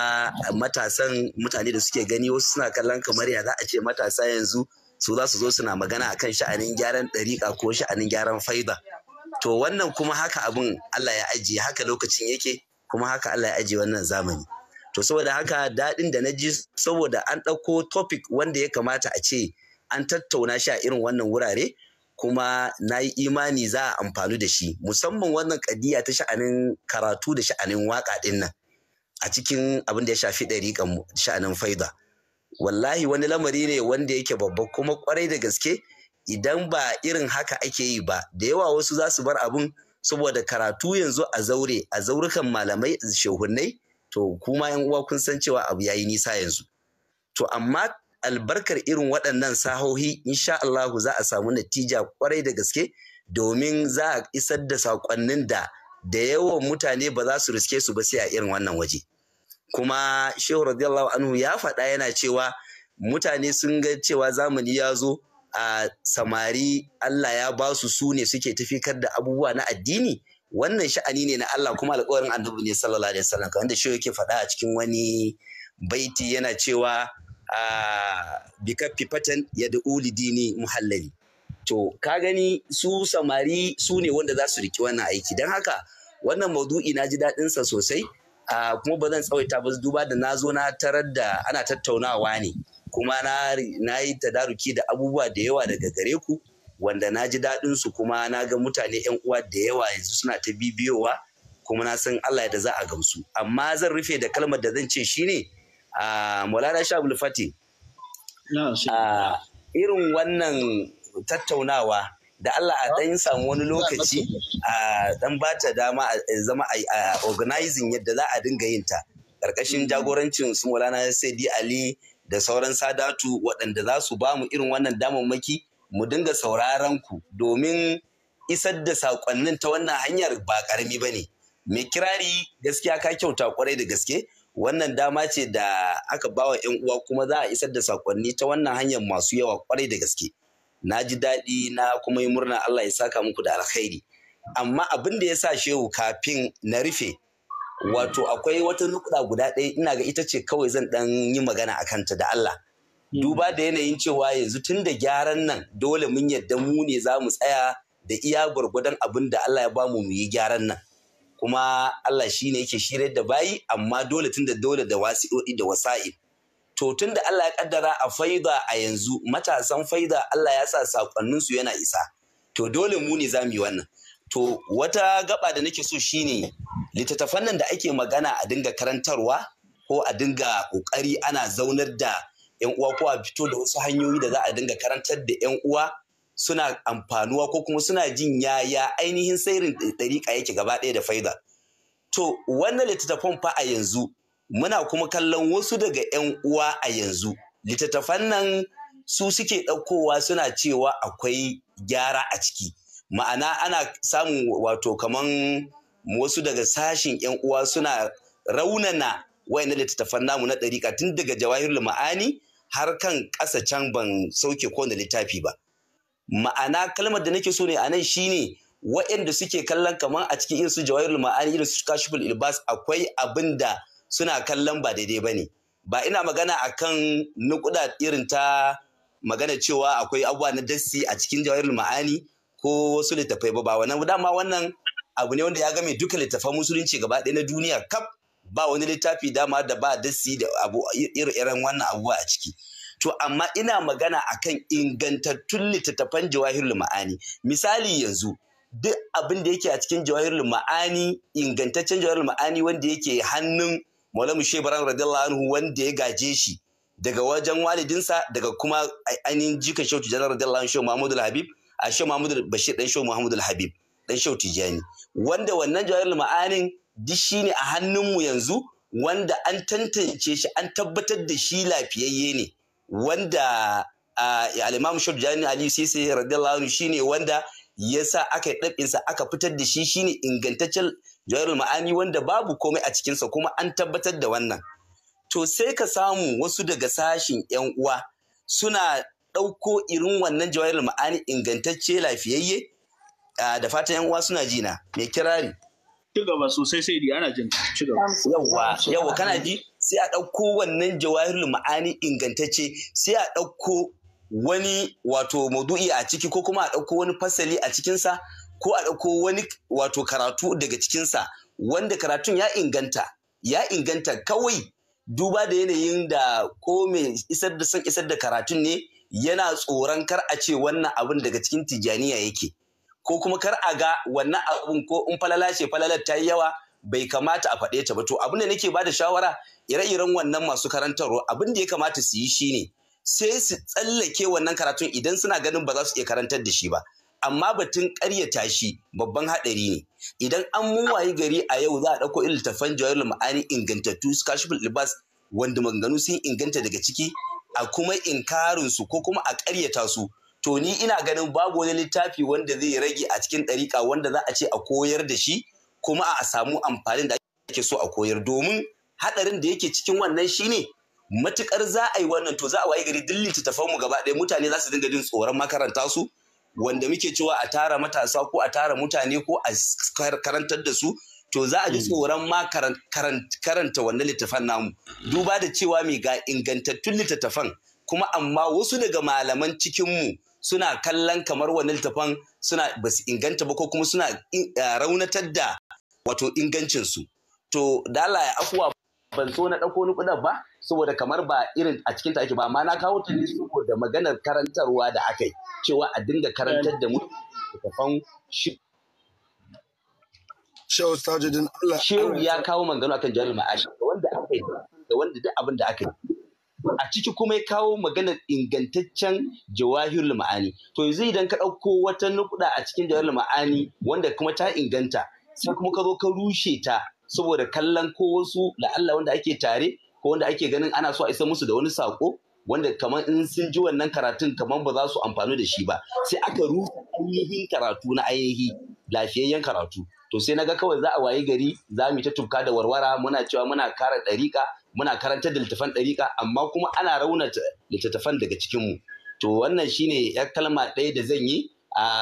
matasan mutane da suke gani wasu suna kallon kamar ya za a ce matasa yanzu su za su zo suna magana akan sha'anin gyaran ɗariƙa ko sha'anin gyaran faida to wannan kuma haka abin Allah ya ajiye haka lokacin yake kuma haka Allah ya ajiye wannan zamani to saboda haka daɗin da na ji saboda an ɗauko topic wanda ya kamata a ce an tattauna shi a irin wannan wurare kuma na yi imani za a amfani da shi musamman wannan kadiya ta sha'anin karatu da sha'anin waka ɗin nan a cikin abin da ya shafi ɗariƙan sha'anin faida wallahi wani lamari ne wanda yake babba kuma kwarai da gaske idan ba irin haka ake yi ba da yawa wasu za su bar abin saboda karatu yanzu a zaure a zaurukan malamai shehunnai to kuma yan uwa kun san cewa abu yayi nisa yanzu to amma albarkar irin waɗannan sahohi insha Allah za a samu natija kwarai da gaske domin za a isar da sakonnin da da yawan mutane ba za su riske su ba sai a irin wannan waje kuma shehu radiyallahu anhu ya faɗa yana cewa mutane sun ga cewa zamani ya zo a samari Allah ya ba su su ne suke tafikar da abubuwa na addini wannan sha'ani ne na Allah kuma alƙawarin annabi ne sallallahu alaihi wasallam kamar da shi yake faɗa a cikin wani baiti yana cewa ah, bi kaffi fatan uli dini muhallali to ka gani su samari su ne wanda za su riki wannan aiki don haka wannan maudu'i na ji daɗin sa sosai kuma ba zan tsawaita ba duba da na zo na tarar da ana tattaunawa ne kuma na yi tadaruki da abubuwa da yawa daga gare ku wanda na ji daɗin su kuma na ga mutane 'yan uwa da yawa yanzu suna ta bibiyowa kuma na san Allah da za a gamsu amma zan rufe da kalmar da zan ce shine a Maulana Shabul Fati a irin wannan tattaunawa da Allah a ɗan samu wani lokaci a ɗan ba dama a zama a organizing yadda za a dinga yin ta ƙarƙashin mm. jagorancin su Maulana Saidi Ali da sauran sadatu waɗanda za su ba irin wannan damammaki mu dinga sauraron ku domin isar da saƙonnin ta wannan hanyar ba ƙarami ba ne. Mai kirari gaskiya ka kyauta kwarai da gaske wannan dama ce da aka bawa 'yan uwa kuma za a isar da saƙonni ta wannan hanyar masu yawa kwarai da gaske. Na ji daɗi na kuma yi murna Allah ya saka muku da alkhairi. Amma abin da ya sa shehu kafin na rufe wato akwai wata nukuda guda ɗaya ina ga ita ce kawai zan ɗan yi magana a kanta da Allah. Hmm. duba da yanayin cewa yanzu tun da gyaran nan dole mun yadda mu ne za mu tsaya da iya gwargwadon abin da Allah ya bamu mu yi gyaran nan kuma Allah shi ne yake shirar da bayi amma dole tun da dole da wasi'o'i da wasa'i to tun da Allah ya kaddara a faida a yanzu matasan faida Allah ya sa sakonnin su yana isa to dole mu ne za mu yi wannan to wata gaba da nake so shine littattafan nan da ake magana a dinga karantarwa ko a dinga kokari ana zaunar da 'yan uwa ko a fito da wasu hanyoyi da za a dinga karantar da 'yan uwa suna amfanuwa ko kuma suna jin yaya ainihin sairin ɗariƙa yake gaba ɗaya da faida. To wannan littattafan fa a yanzu muna kuma kallon wasu daga 'yan uwa a yanzu. Littattafan nan su suke ɗaukowa suna cewa akwai gyara a ciki. Ma'ana ana samun wato kaman wasu daga sashin 'yan uwa suna raunana wayannan littattafan namu na ɗariƙa tun daga jawahirul ma'ani har kan ƙasa can ban sauke kowane littafi ba ma'ana kalmar da nake so ne a nan shi ne waɗanda suke kallon kamar a cikin irin su jawahirul ma'ani irin su kashiful ilbas akwai abin da suna kallon ba daidai ba ne. ba ina magana akan nukuda irin ta magana cewa akwai abubuwa na dasi a cikin jawahirul ma'ani ko wasu littafai ba ba wannan dama wannan abu ne wanda ya game duka littafan musulunci gaba ɗaya na duniya kaf ba wani littafi dama da ba si da abu irin wannan abubuwa a ciki to amma ina magana akan ingantattun littattafan jawahirul ma'ani misali yanzu duk abin da yake a cikin jawahirul ma'ani ingantaccen jawahirul ma'ani wanda yake hannun Maulana shebaran radiyallahu anhu wanda ya gaje shi daga wajen walidinsa daga kuma ainihin jikan shautu janar radiyallahu anhu Shehu Muhammadu Habib a Shehu Muhammadu Bashir dan Shehu Muhammadu Habib dan shautu jani wanda wannan jawahirul ma'anin duk ne a hannunmu yanzu wanda an tantance shi an tabbatar da shi lafiyayye ne wanda Alimami imam Shurjani Ali Sisi radiyallahu anhu shine wanda ya sa aka yi ɗab'insa aka fitar da shi shine ingantaccen jawarul ma'ani wanda babu komai a cikinsa kuma an tabbatar da wannan to sai ka samu wasu daga sashin yan uwa suna ɗauko irin wannan jawarul ma'ani ingantacce lafiyayye da fatan yan uwa suna jina mai kirari ci gaba sosai sai di ana jin ci gaba Yawwa, yawwa kana ji sai a ɗauko wannan jawahirul ma'ani ingantacce sai a ɗauko wani wato maudu'i a ciki ko kuma a ɗauko wani fasali a cikinsa ko a ɗauko wani wato karatu daga cikinsa wanda karatun ya inganta ya inganta kawai duba da yanayin da ko mai isar da son isar da karatun ne yana tsoron kar a ce wannan abin daga cikin tijaniya yake ko kuma kar a ga wannan abun ko in falala ce falalar ta yi yawa bai kamata a faɗe ta ba to abin da nake ba da shawara ire-iren wannan masu karantarwa abin da ya kamata su yi shine sai su tsallake wannan karatun idan suna ganin ba za su iya karantar da shi ba amma batun ƙaryata shi babban haɗari ne idan an mun wayi gari a yau za a ɗauko littafan jawahirul ma'ani ingantattu kashiful libas wanda maganganu sun inganta daga ciki a kuma inkarin su ko kuma a ƙaryata su to ni ina ganin babu wani littafi wanda zai rage a cikin ɗariƙa wanda za a ce a koyar da shi kuma a samu amfanin da ake so a koyar domin haɗarin da yake cikin wannan shine matukar za a yi wannan to za a waye gari dillin littattafan mu gaba ɗaya mutane za su dinga jin tsoron makaranta su wanda muke cewa a tara matasa ko a tara mutane ko a karantar da su to za a ji hmm. tsoron ma karanta wannan littattafan namu duba da cewa mai ga ingantattun littattafan kuma amma wasu daga malaman cikin mu suna kallon kamar wani littafan suna ba su inganta ba ko kuma suna eh, raunatar da wato ingancinsu. To da Allah ya afuwa ban so na ɗauko ni kuɗa ba saboda kamar ba irin a cikin ta ake ba amma na kawo ta ne saboda maganar karantarwa da aka yi cewa a dinga karantar da mu littafan shi Shehu Allah. Shehu ya kawo mangano akan jami'in ma'ashi da wanda aka yi da wanda duk abin da aka yi. a ciki kuma ya kawo maganar ingantaccen jawahir ma'ani to yanzu idan ka ɗauko wata nukuda a cikin jawar ma'ani wanda kuma ta inganta sai kuma ka zo ka rushe ta saboda kallon ko wasu la'alla wanda ake tare ko wanda ake ganin ana so a isa musu da wani sako wanda kamar in sun ji wannan karatun kamar ba za su amfani da shi ba sai aka rusa ainihin karatu na ainihi lafiyayyen karatu to sai ga kawai za a wayi gari za mu ta tufka da warwara muna cewa muna kara ɗariƙa muna karantar da littafan ɗariƙa amma kuma ana raunata littattafan daga cikinmu to wannan shine ya kalma ɗaya da zan yi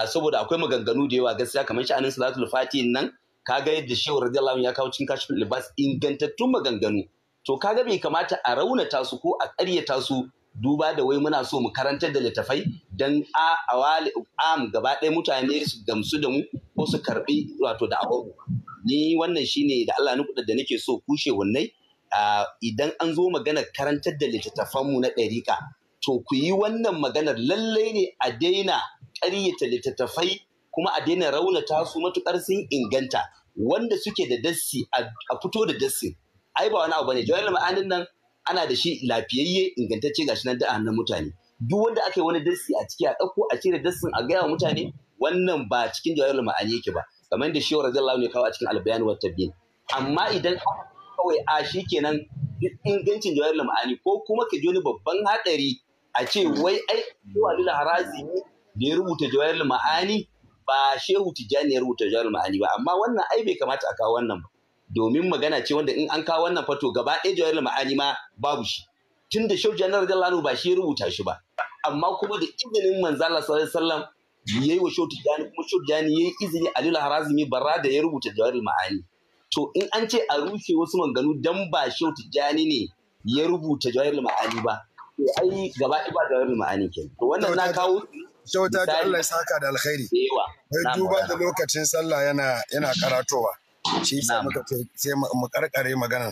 saboda akwai maganganu da yawa gaskiya kamar shi sha'anin salatul Fati nan Ka ga yadda shehu radiyallahu ya kawo cikin kashfin libas ingantattun maganganu to kaga bai kamata a raunata su ko a ƙaryata su duba da wai muna so mu karantar da littafai don a awali am gaba ɗaya mutane su gamsu da mu ko su karɓi wato da ni wannan shine da Allah ni da nake so kushe wannan idan an zo maganar karantar da littattafanmu na ɗarika to ku yi wannan maganar lallai ne a daina ƙaryata littattafai kuma a daina raunata su matukar sun inganta wanda suke da dassi a fito da dassi ai ba wani abu bane jawar ma'anin nan ana da shi lafiyayye ingantacce ga shi nan da hannun mutane duk wanda aka yi wani dassi a ciki a ɗauko a cire dassin a gaya wa mutane wannan ba cikin jawar ma'ani yake ba kamar da wa radiyallahu ne kawo a cikin albayan wata biyu amma idan kawai a shi kenan ingancin jawahirul ma'ani ko kuma ka ji wani babban haɗari a ce wai ai harazi ne da ya rubuta jawahirul ma'ani ba shehu tijjani ya rubuta jawahirul ma'ani ba amma wannan ai bai kamata a kawo wannan ba domin magana ce wanda in an kawo wannan fato gaba ɗaya jawahirul ma'ani ma babu shi tun da shehu janar radiyallahu ba shi ya rubuta shi ba amma kuma da izinin manzala sallallahu alaihi wasallam yayi wa shehu tijjani kuma shehu tijjani yayi izini alil harazimi barra da ya rubuta jawahirul ma'ani so in an ce a rushe wasu manganu dan ba shehu tijjani ne ya rubuta jawahirul ma'ani ba to ai gaba ɗaya ba jawahirul ma'ani kenan to wannan na kawo kyauta da Allah ya saka da alkhairi. Sai duba da lokacin sallah yana yana karatowa. Shi sai muka sai mu karkare magana.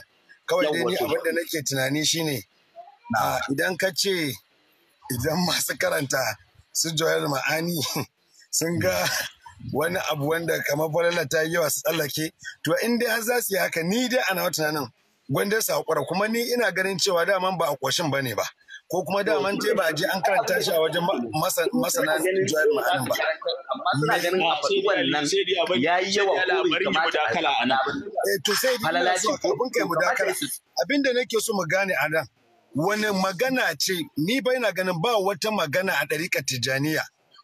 Kawai dai ni abin da nake tunani shine idan ka ce idan masu karanta su joyar ma'ani sun ga hmm. wani abu wanda kamar falala ta yawa su tsallake to in dai har za su yi haka ni dai ana tunanin gwanda su haƙura kuma ni ina ganin cewa daman ba a ƙoshin ba ne ba ko kuma daman je ba a je an karanta shi a wajen masana jihar ma'anin ba. Amma suna ganin a wannan ya yi yawa kuri kamata a nan. Eh to sai dai ina so kafin kai mudakala abinda nake so mu gane a nan wani magana ce ni ba na ganin ba wata magana a ɗariƙar Tijjaniya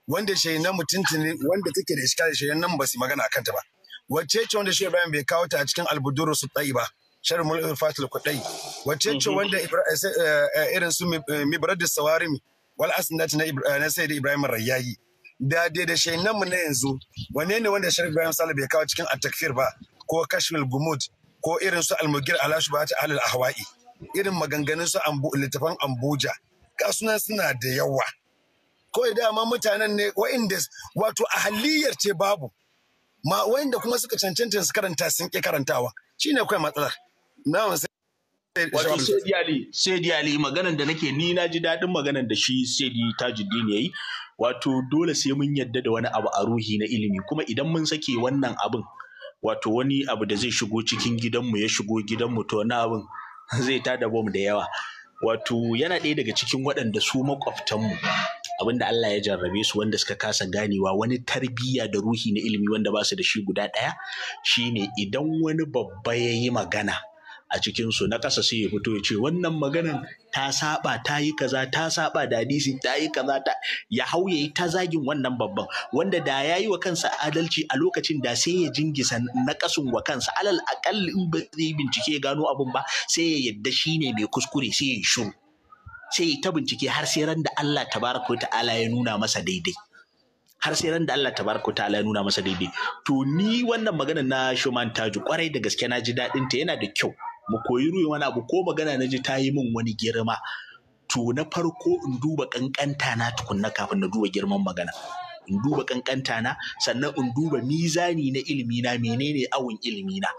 wanda mutunci ne wanda take da iskari shaidan nan ba su magana akan ta ba wacce ce wanda shehu bayan bai kawo ta a cikin albuduru su tsayi ba shar mulkin fatil kudai wacce ce mhm. wanda eh, eh, eh, irin su mibrad sawarimi wal asinati na da ibrahim rayayi da dai da shaidan mu na yanzu wane ne wanda shehu ibrahim sala bai kawo cikin atakfir ba ko kashmir gumud ko irin su almugir ba ta alal ahwa'i irin maganganun su littafan ambuja kasunan suna da yawa kawai dama mutanen ne wa'inda wato a halliyar ce babu ma wa'inda kuma suka cancanta su karanta sun ƙi karantawa shi ne kawai matsalar Wato Sedi Ali, Ali maganan da nake ni na ji daɗin maganan da shi ta Tajuddin ya yi. Wato dole sai mun yadda da wani abu a ruhi na ilimi kuma idan mun sake wannan abin wato wani abu da zai shigo cikin gidanmu ya shigo gidanmu to na abin zai tada bom da yawa. Wato yana ɗaya daga cikin waɗanda su makwabtanmu Abin da Allah ya jarrabe su wanda suka kasa ganewa wani tarbiyya da ruhi na ilimi wanda ba su da shi guda ɗaya shine idan wani babba ya yi magana a cikinsu na ƙasa sai ya fito ya ce wannan maganan ta saba ta yi kaza ta saba da hadisi ta yi kaza ta ya hau ya yi ta zagin wannan babban wanda da ya yi wa kansa adalci a lokacin da sai ya jingisa na ƙasun wa kansa alal akal in ba zai bincike ya gano abin ba sai ya yadda shine mai kuskure sai ya shiru sai ta bincike har sai ran da Allah tabaraka ta'ala ya nuna masa daidai har sai ran da Allah tabaraka ta'ala ya nuna masa daidai to ni wannan magana na Shoman Taju kwarai da gaske na ji daɗin ta yana da kyau mu koyi ruwa wani abu ko magana na ji ta yi min wani girma to na farko in duba kankanta na tukunna kafin na duba girman magana in duba kankanta na sannan in duba mizani na ilimi na menene awon ilimi na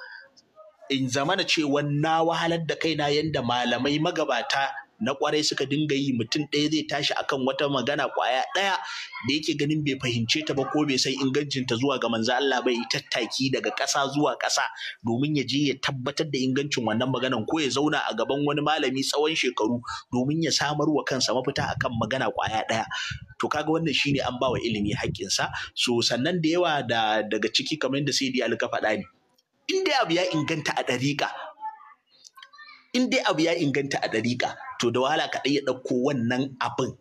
in zamana cewa na wahalar da kaina yanda malamai magabata na kwarai suka dinga yi mutum ɗaya zai tashi akan wata magana kwaya ɗaya da yake ganin bai fahimce ta ba ko bai san ingancinta zuwa ga manzo Allah bai tattaki daga ƙasa zuwa ƙasa domin ya je ya tabbatar da ingancin wannan maganan ko ya zauna a gaban wani malami tsawon shekaru domin ya samar wa kansa mafita akan magana kwaya ɗaya to kaga wannan shine an bawa ilimi haƙƙinsa so sannan da yawa da daga ciki kamar yadda sai dai alka faɗa ne in dai abu ya inganta a ɗariƙa in dai abu ya inganta a ɗariƙa to da wahala ka ɗaya ɗauko wannan abin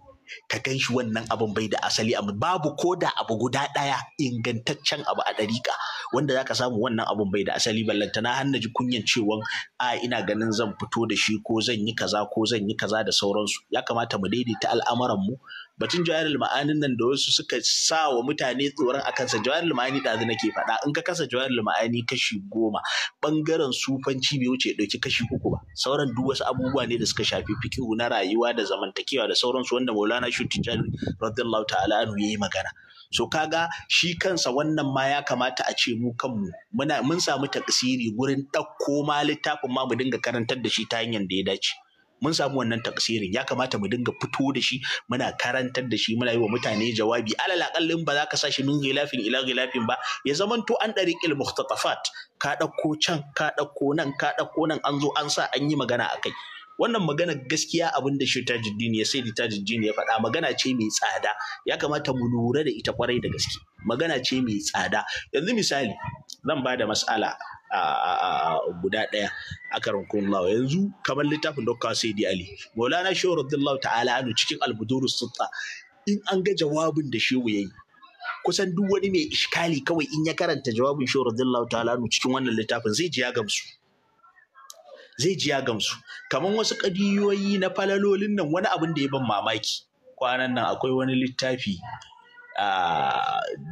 ka gan shi wannan abin bai da asali amma babu ko da abu guda ɗaya ingantaccen abu a ɗariƙa wanda za ka samu wannan abin bai da asali ballanta na na ji kunyan cewan a ina ganin zan fito da shi ko zan yi kaza ko zan yi kaza da sauransu ya kamata mu daidaita al'amuran mu batun jawaril ma'anin nan da wasu suka sa wa mutane tsoron a kansa jawaril ma'ani ɗazu nake faɗa in ka kasa jawaril ma'ani kashi goma ɓangaren sufanci bai wuce ɗauki kashi uku ba sauran duk wasu abubuwa ne da suka shafi fikihu na rayuwa da zamantakewa da sauransu wanda maulana jan radiyallahu ta'ala anhu ya yi magana so kaga shi kansa wannan ma ya kamata a ce mu kanmu muna mun samu takasiri gurin ɗauko ma littafin ma mu dinga karantar da shi ta hanyar da ya dace. mun samu wannan taksirin ya kamata mu dinga fito da shi muna karantar da shi muna yi wa mutane jawabi alal aqallin ba za ka sa shi min ghilafin ila ghilafin ba ya zamanto an dariqil mukhtatafat ka dauko can ka dauko nan ka dauko nan an zo an sa an yi magana a kai wannan magana gaskiya abin da shi tajuddini ya sai tajuddini ya faɗa magana ce mai tsada ya kamata mu lura da ita kwarai da gaske magana ce mai tsada yanzu misali zan ba da mas'ala guda ɗaya a karin kullawa yanzu kamar littafin dokka sai di ali maulana shehu radiyallahu ta'ala anu cikin albuduru sutta in an ga jawabin da shehu yayi kusan duk wani mai iskali kawai in ya karanta jawabin shehu radiyallahu ta'ala anu cikin wannan littafin zai ji ya gamsu zai ji ya gamsu kamar wasu kadiyoyi na falalolin nan wani abin da ya ban mamaki kwanan nan akwai wani littafi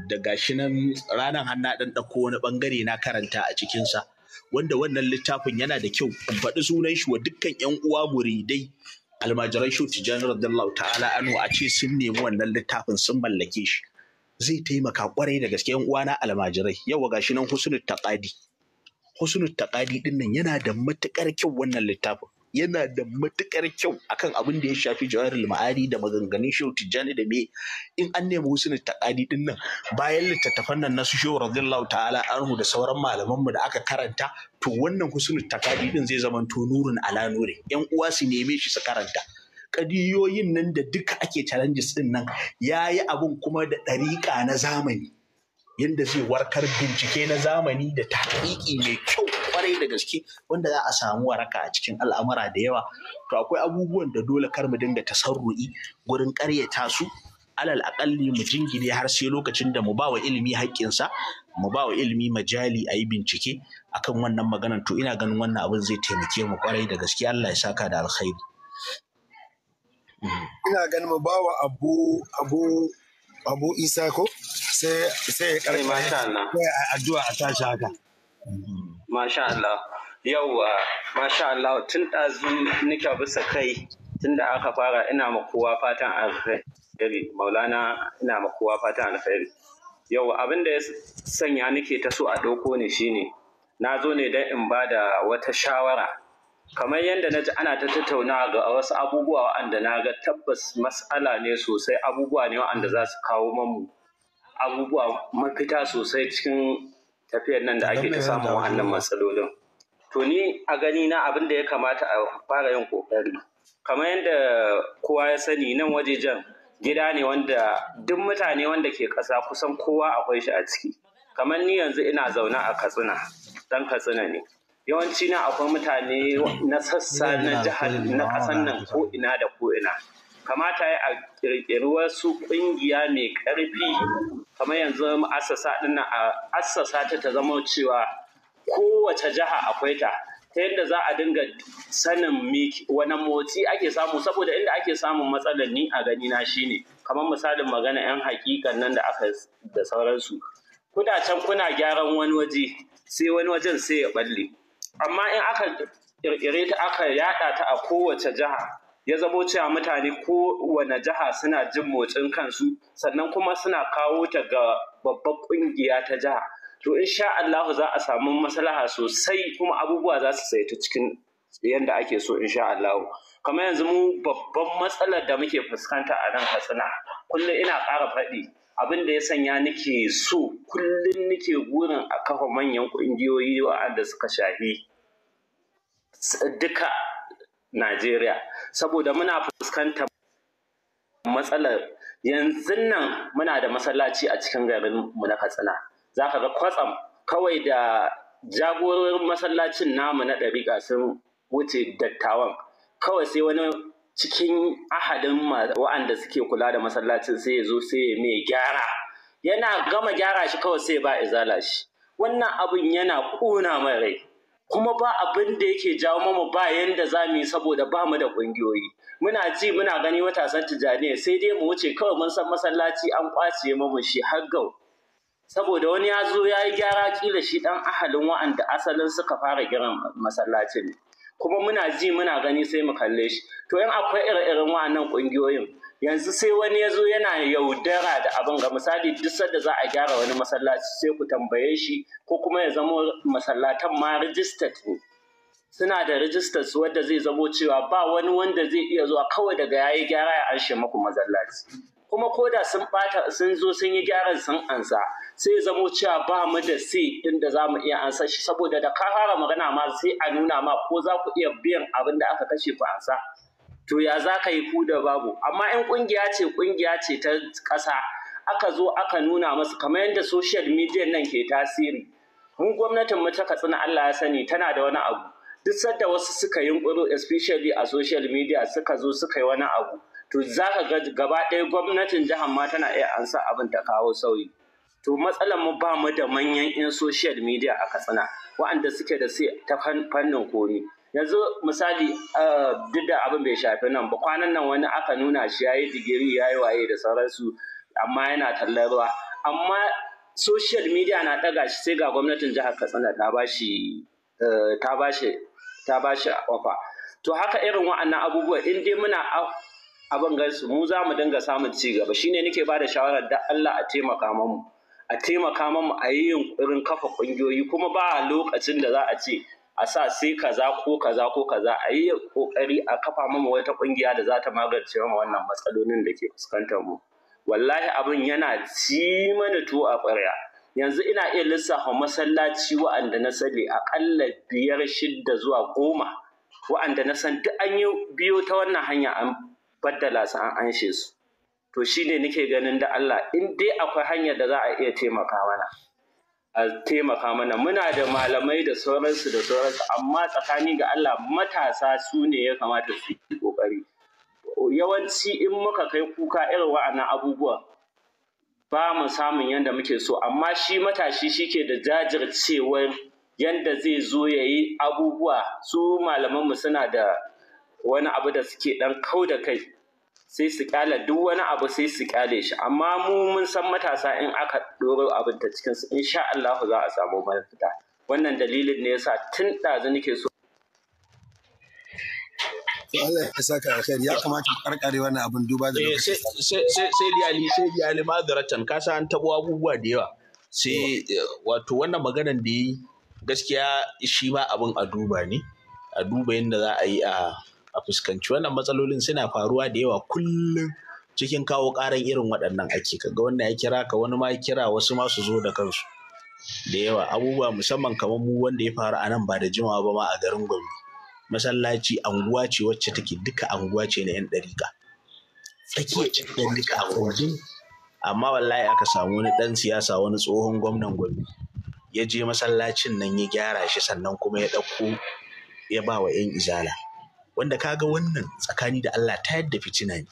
da gashi nan ranar hannu ɗan ɗauko wani ɓangare na karanta a cikinsa wanda wannan littafin yana da kyau faɗi sunan shi wa dukkan 'yan uwa muridai almajiran shi tijjani radiyallahu ta'ala anu a ce sun nemi wannan littafin sun mallake shi zai taimaka kwarai da gaske 'yan uwana almajirai Yau ga nan husnul taqadi husnul taqadi din yana da matukar kyau wannan littafin yana da matukar kyau akan abin da ya shafi jawarul ma'ari da maganganun shehu tijjani da me in an nemi husnul taqadi din nan bayan littattafan nan nasu shehu radiyallahu ta'ala anhu da sauran malaman mu da aka karanta to wannan husnul taqadi din zai zama to nurun ala nuri yan uwa su neme shi su karanta kadiyoyin nan da duka ake challenges din nan yayi abun kuma da ɗariƙa na zamani yadda zai warkar bincike na zamani da taƙiƙi mai kyau kwarai da gaske wanda za a samu waraka a cikin al'amura da yawa to akwai abubuwan da dole kar mu dinga tasarru'i gurin ƙaryata su alal aƙalli mu jingine har sai lokacin da mu ba wa ilimi haƙƙinsa mu ba wa ilimi majali a yi bincike akan wannan maganar to ina ganin wannan abin zai taimake mu kwarai da gaske Allah ya saka da alkhairi ina ganin mu ba abu abu abu isa ko sai sai addu'a a tashi haka masha Allah yauwa masha Allah tun ɗazu nika bisa kai tun da aka fara ina ma kowa fatan alkhairi maulana ina ma kowa fatan alkhairi yau abin da ya sanya nike ta so a ɗauko ne shine na zo ne don in ba da wata shawara kamar yadda na ji ana ta tattaunawa ga wasu abubuwa waɗanda na ga tabbas matsala ne sosai abubuwa ne waɗanda za su kawo mamu abubuwa mafita sosai cikin tafiyar nan da ake ta samun wannan matsalolin. To ni a gani na abin da ya kamata a fara yin kokari. Kamar yadda kowa ya sani nan wajejen gida ne wanda duk mutane wanda ke ƙasa kusan kowa akwai shi a ciki. Kamar ni yanzu ina zaune a Katsina, dan Katsina ne. Yawanci na akwai mutane na sassa na jihar na ƙasan nan ko ina da ko ina. kamata ya a ƙirƙiri wasu ƙungiya mai ƙarfi kamar yanzu assasa ɗin a assasa ta ta zama cewa kowace jiha akwai ta ta yadda za a dinga sanin wani motsi ake samu saboda inda ake samun matsalar ni a gani na shine kamar misalin magana 'yan hakikan nan da aka da sauransu kudacen kuna gyaran wani waje sai wani wajen sai ya balle amma in aka ƙirƙire ta aka yada ta a kowace jiha ya zamo cewa mutane kowane jiha suna jin motsin kansu sannan kuma suna kawo ta ga babbar ƙungiya ta jiha to insha Allah za a samu maslaha sosai kuma abubuwa za su saita cikin yadda ake so insha Allah kamar yanzu mu babban matsalar da muke fuskanta a nan Katsina kullum ina ƙara faɗi abin da ya sanya nake so kullum nake gurin a kafa manyan ƙungiyoyi wa'anda suka shafi duka Najeriya saboda muna fuskantar matsalar yanzu nan muna da masallaci a cikin garin mu na Katsina za ka ga kwatsam kawai da jagororin masallacin namu na ɗariƙa sun wuce dattawan kawai sai wani cikin ahadin wa'anda suke kula da masallacin sai ya zo sai ya mai gyara yana gama gyara shi kawai sai ba izala shi wannan abun yana ƙuna mai rai kuma ba abin da yake jawo mamu ba yanda za mu yi saboda ba mu da ƙungiyoyi muna ji muna gani matasan tijjaniya sai dai mu wuce kawai mun san masallaci an kwace mamu shi har gau saboda wani ya zo ya yi gyara kila shi ɗan ahalin wa'anda asalin suka fara girin masallacin kuma muna ji muna gani sai mu kalle shi to in akwai ire-iren wa'annan ƙungiyoyin yanzu sai wani ya zo yana yaudara da abin ga misali duk sanda za a gyara wani masallaci sai ku tambaye shi ko kuma ya zama masallatan ma rijistat ne suna da rijistas wadda zai zamo cewa ba wani wanda zai iya zuwa kawai daga yayi gyara ya anshe muku masallaci kuma ko da sun bata sun zo sun yi gyaran sun ansa sai ya zamo cewa ba mu da si inda za mu iya ansa shi saboda da ka fara magana ma sai a nuna ma ko za ku iya biyan abin da aka kashe ku ansa to ya za ka yi ku da babu amma in ƙungiya ce ƙungiya ce ta ƙasa aka zo aka nuna masu kamar yadda social media nan ke tasiri mun gwamnatin mu ta katsina Allah ya sani tana da wani abu duk sadda wasu suka yi kuro especially a social media suka zo suka yi wani abu to za ka ga gaba ɗaya gwamnatin jihar ma tana iya ansa abin ta kawo sauyi to matsalar mu ba mu da manyan 'yan social media a katsina waɗanda suke da sai ta fannin komi yanzu misali eh, duk da abin bai shafi nan ba kwanan nan wani aka nuna shi ya yi digiri ya yi waye da sauransu amma yana tallar ruwa amma social media na ɗaga shi sai ga gwamnatin jihar katsina ta ba shi eh, ta ba shi ta ba shi ofa to haka irin wa'annan abubuwa in dai muna abin gaisu mu za mu dinga samun ci gaba shine nake ba da shawarar da Allah a taimaka mamu a taimaka mamu a yi yunkurin kafa ƙungiyoyi kuma ba lokacin da za a ce a sa sai kaza ko kaza ko kaza a yi kokari a kafa mama wata kungiya da za ta magance mana wannan matsalolin da ke fuskantar mu wallahi abin yana ci mana tuwo a ƙwarya yanzu ina iya lissafa masallaci wa'anda na sani aƙalla biyar shidda zuwa goma wa'anda na san duk an yi biyo ta wannan hanya an baddala su an anshe su to shine nake ganin da Allah in dai akwai hanyar da za a iya taimaka mana a taimaka mana muna da malamai da sauransu da sauransu amma tsakani ga Allah matasa su ne ya kamata su yi kokari yawanci in muka kai kuka irin wa'annan abubuwa ba mu samun yadda muke so amma shi matashi ke da jajircewar yadda zai zo ya yi abubuwa su malamanmu suna da wani abu da suke dan kau da kai sai su kyale duk wani abu sai su kyale shi amma mu mun san matasa in aka doro abin ta cikin su insha Allah za a samu mafita wannan dalilin ne yasa tun ɗazu nake so Allah ya saka alkhairi ya kamata mu karkare wannan abin duba da eh, lokaci sai sai diyali sai diyali madaratan ka san tabo abubuwa da yawa sai wato wannan maganan da yi gaskiya shi ma abin a duba ne a duba yadda za a yi a a fuskanci wannan matsalolin suna faruwa da yawa kullum cikin kawo ƙaran irin waɗannan ake kaga wanda ya kira ka wani ma kira wasu ma su zo da kansu da yawa abubuwa musamman kamar mu wanda ya faru a nan ba da jimawa ba ma a garin Gombe masallaci anguwa ce wacce take duka anguwa ce na 'yan ɗariƙa 'yan ɗariƙa a amma wallahi aka samu wani ɗan siyasa wani tsohon gwamnan Gombe ya je masallacin nan ya gyara shi sannan kuma ya ɗauko ya ba wa 'yan izala wanda kaga wannan tsakani da Allah ta yadda fitina ne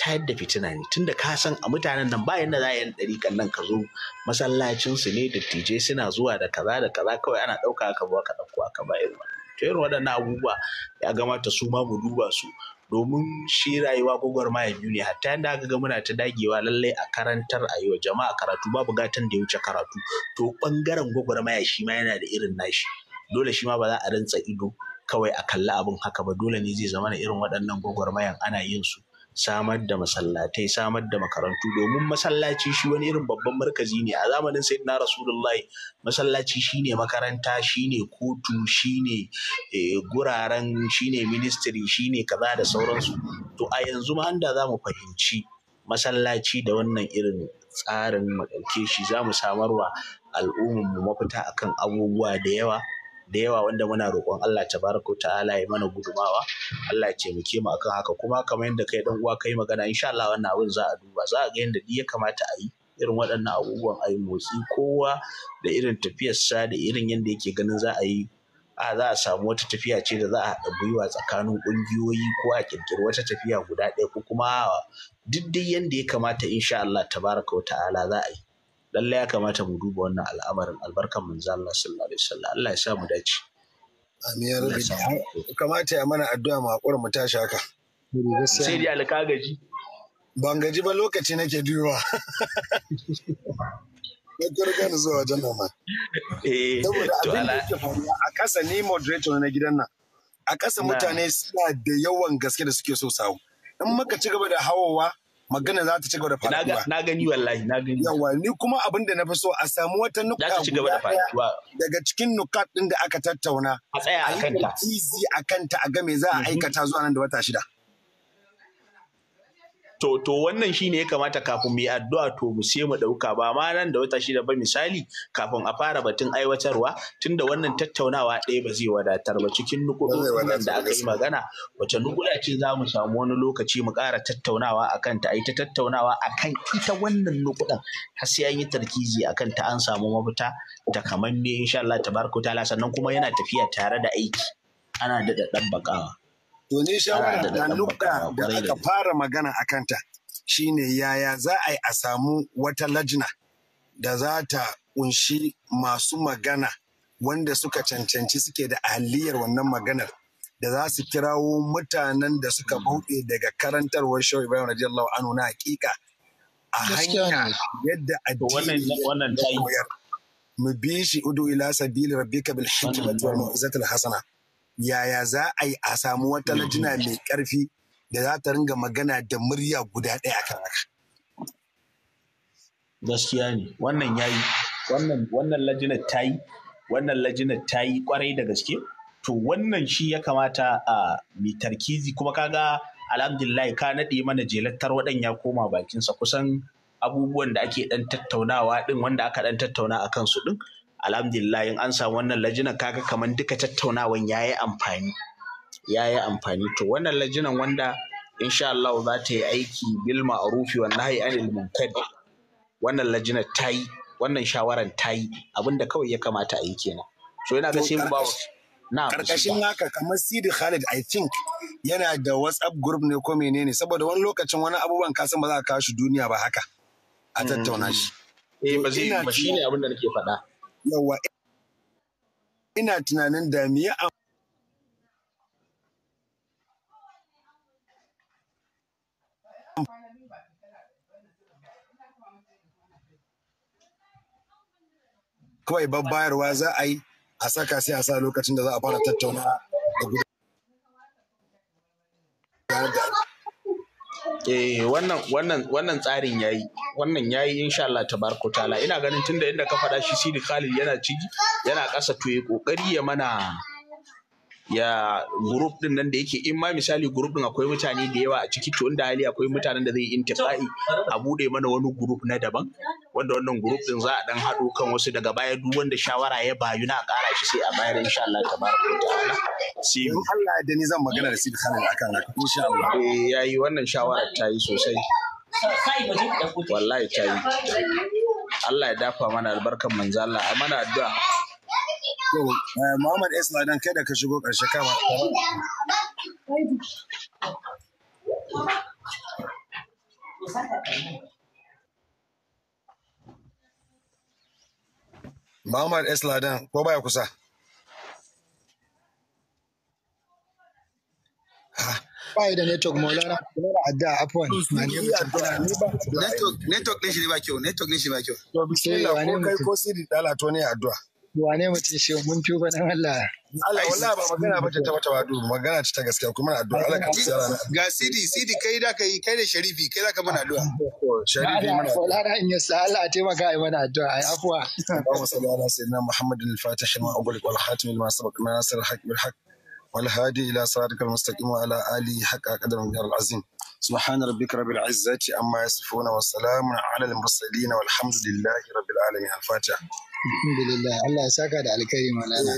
ta yadda fitina ne tunda ka san a mutanen nan bayan da za a yi ɗariƙan nan ka zo masallacin su ne dattijai suna zuwa da kaza da kaza kawai ana ɗauka ka ba ka ɗauko aka ba irin to irin waɗannan abubuwa ya gamata su ma mu duba su domin shi rayuwa gwagwarmaya biyu ne hatta yadda aka ga muna ta dagewa lallai a karantar a yi wa jama'a karatu babu gatan da ya wuce karatu to ɓangaren gwagwarmaya shi ma yana da irin nashi dole shi ma ba za a rantsa ido kawai a kalli abin haka ba dole ne zai zama irin waɗannan gwagwarmayan ana yin su samar da masallatai samar da makarantu domin masallaci shi wani irin babban markazi ne a zamanin na rasulullahi masallaci shine makaranta shine kotu shine eh, guraren shine ministry shine kaza da sauransu to a yanzu ma da za mu fahimci masallaci da wannan irin tsarin mu shi za mu samarwa al'ummar mu mafita akan abubuwa da yawa da yawa wanda muna roƙon Allah tabaraka ta'ala ya mana gudumawa Allah ya taimake mu akan haka kuma kamar yadda kai dan uwa kai magana insha Allah wannan abin za a duba za a ga yadda ya kamata a yi irin waɗannan abubuwan a yi motsi kowa da irin tafiyarsa da irin yadda yake ganin za a yi a za a samu wata tafiya ce da za a haɗa gwiwa tsakanin ƙungiyoyi ko a ƙirƙiri wata tafiya guda ɗaya ko kuma duk dai yadda ya kamata insha Allah tabaraka wa ta'ala za a yi lallai ya kamata mu duba wannan al'amarin albarkan manzo Allah sallallahu alaihi wasallam Allah ya sa mu dace amin ya rabbi kamata ya mana addu'a mu hakura mu tashi haka sai dai alka gaji ban gaji ba lokaci nake duwa na kirga ni zuwa wajen nan ma eh, saboda abin da faruwa a kasa ni moderator na gidan nan a kasa mutane suna da yawan gaske da suke so samu in muka ci gaba da hawowa magana za ta ci gaba da faruwa. Na gani wallahi, na gani. Yawa, ni kuma abin da na fi so a samu wata nuka ta ci gaba da faruwa. Daga cikin nukat ɗin da aka tattauna. A tsaya a kanta. A Easy a kanta a game za a mhm. aikata zuwa nan da wata shida. to to wannan shine ya kamata kafin mu yi addu'a to mu sai mu ɗauka ba ma nan da wata shida ba misali kafin a fara batun aiwatarwa tunda wannan tattaunawa ɗaya ba zai wadatar ba cikin nan da aka yi magana wace nukuɗa ce za mu samu wani lokaci mu ƙara tattaunawa akan ta ai ta tattaunawa akan ita wannan nukudan, har sai an yi tarkizi akan ta an samu mafita ta kamar ne insha Allah tabaraka ta'ala sannan kuma yana tafiya tare da aiki ana da ɗan bakawa. To ne shawara da da aka fara magana a kanta shi ne yaya za a yi a samu wata lajina da za ta kunshi masu magana wanda suka cancanci suke da ahaliyar wannan maganar da za su kirawo mutanen da suka hmm. bauɗe daga karantarwar shawar bayan rajin anhu na hakika a hanya yadda addini ya koyar mu bi shi udu ila sabili rabbika bil hikmati wal mau'izatil hasana yaya za a yi a samu wata mm-hmm. lajina mai ƙarfi da za ta ringa magana da murya guda ɗaya kan haka. Gaskiya ne, wannan ya yi, wannan lajinar ta yi, wannan lajinar ta yi ƙwarai da gaske. To wannan shi ya kamata a mai tarkizi kuma kaga alhamdulillah ka naɗe mana jelattar waɗan ya koma bakinsa kusan abubuwan da ake ɗan tattaunawa ɗin wanda aka ɗan tattauna a kansu ɗin. alhamdulillah in an samu wannan lajinan kaga kamar duka tattaunawan yayi amfani yayi amfani to wannan lajinan wanda insha Allah za ta yi aiki bil ma'rufi wa nahyi anil munkar wannan lajina ta yi wannan shawaran ta yi abinda kawai ya kamata a yi kenan so ina ga sai mu ba na karkashin haka kamar Sidi Khalid I think yana da WhatsApp group ne ko menene saboda wani lokacin wani abubuwan ka san ba za ka kawo shi duniya ba haka a tattauna shi mm. eh ba shi ne abin da nake faɗa yawa ina tunanin da me kawai babbayarwa za a yi a saka sai a sa lokacin da za a fara tattauna da gudanar da eh wannan wannan wannan tsarin yayi wannan yayi insha Allah tabaraka taala ina ganin tunda inda ka faɗa shi Sidi Khalid yana ciki yana ƙasa to ya kokari ya mana ya group din nan da yake in ma misali group din akwai mutane da yawa a ciki to inda hali akwai mutanen da zai yi intifa'i a bude mana wani group na daban wanda wannan group din za a dan hadu kan wasu daga baya duk wanda shawara ya bayu na ƙara shi sai a bayar insha Allah tabaraka ta'ala sai in Allah da ni zan magana da Sidi Khalil akan haka insha Allah eh yayi wannan shawara ta yi sosai wallahi ta yi Allah ya dafa mana albarkan manzo Allah a mana addu'a Eh, Muhammad S. kai kada ka shigo ƙarshe kama. Muhammad S. dan ko baya kusa? Ba da network Maulana, Maulana Adda, afuwan. Network ne shi ba kyau, network ne shi ba kyau. To, bishiyar eh, ko kai ko siri ɗala to ne addu'a. wane mutum shi mun tuba dan Allah Allah wallahi ba magana ba ta wata wadu magana ce ta gaskiya kuma addu'a Allah ka tsara na ga sidi sidi kai da kai kai da sharifi kai da ka mana addu'a sharifi mana da, in ya sa Allah a taimaka ai mana addu'a ai afwa Allahumma salli ala sayyidina Muhammadin al-Fatih ma wal khatim nasir al-haq bil haq والهادي إلى صراطك المستقيم وعلى آله حق قدر العظيم سبحان ربك رب العزة عما يصفون وسلام على المرسلين والحمد لله رب العالمين الفاتحة Alhamdulillah Allah ya saka da alkhairi malana.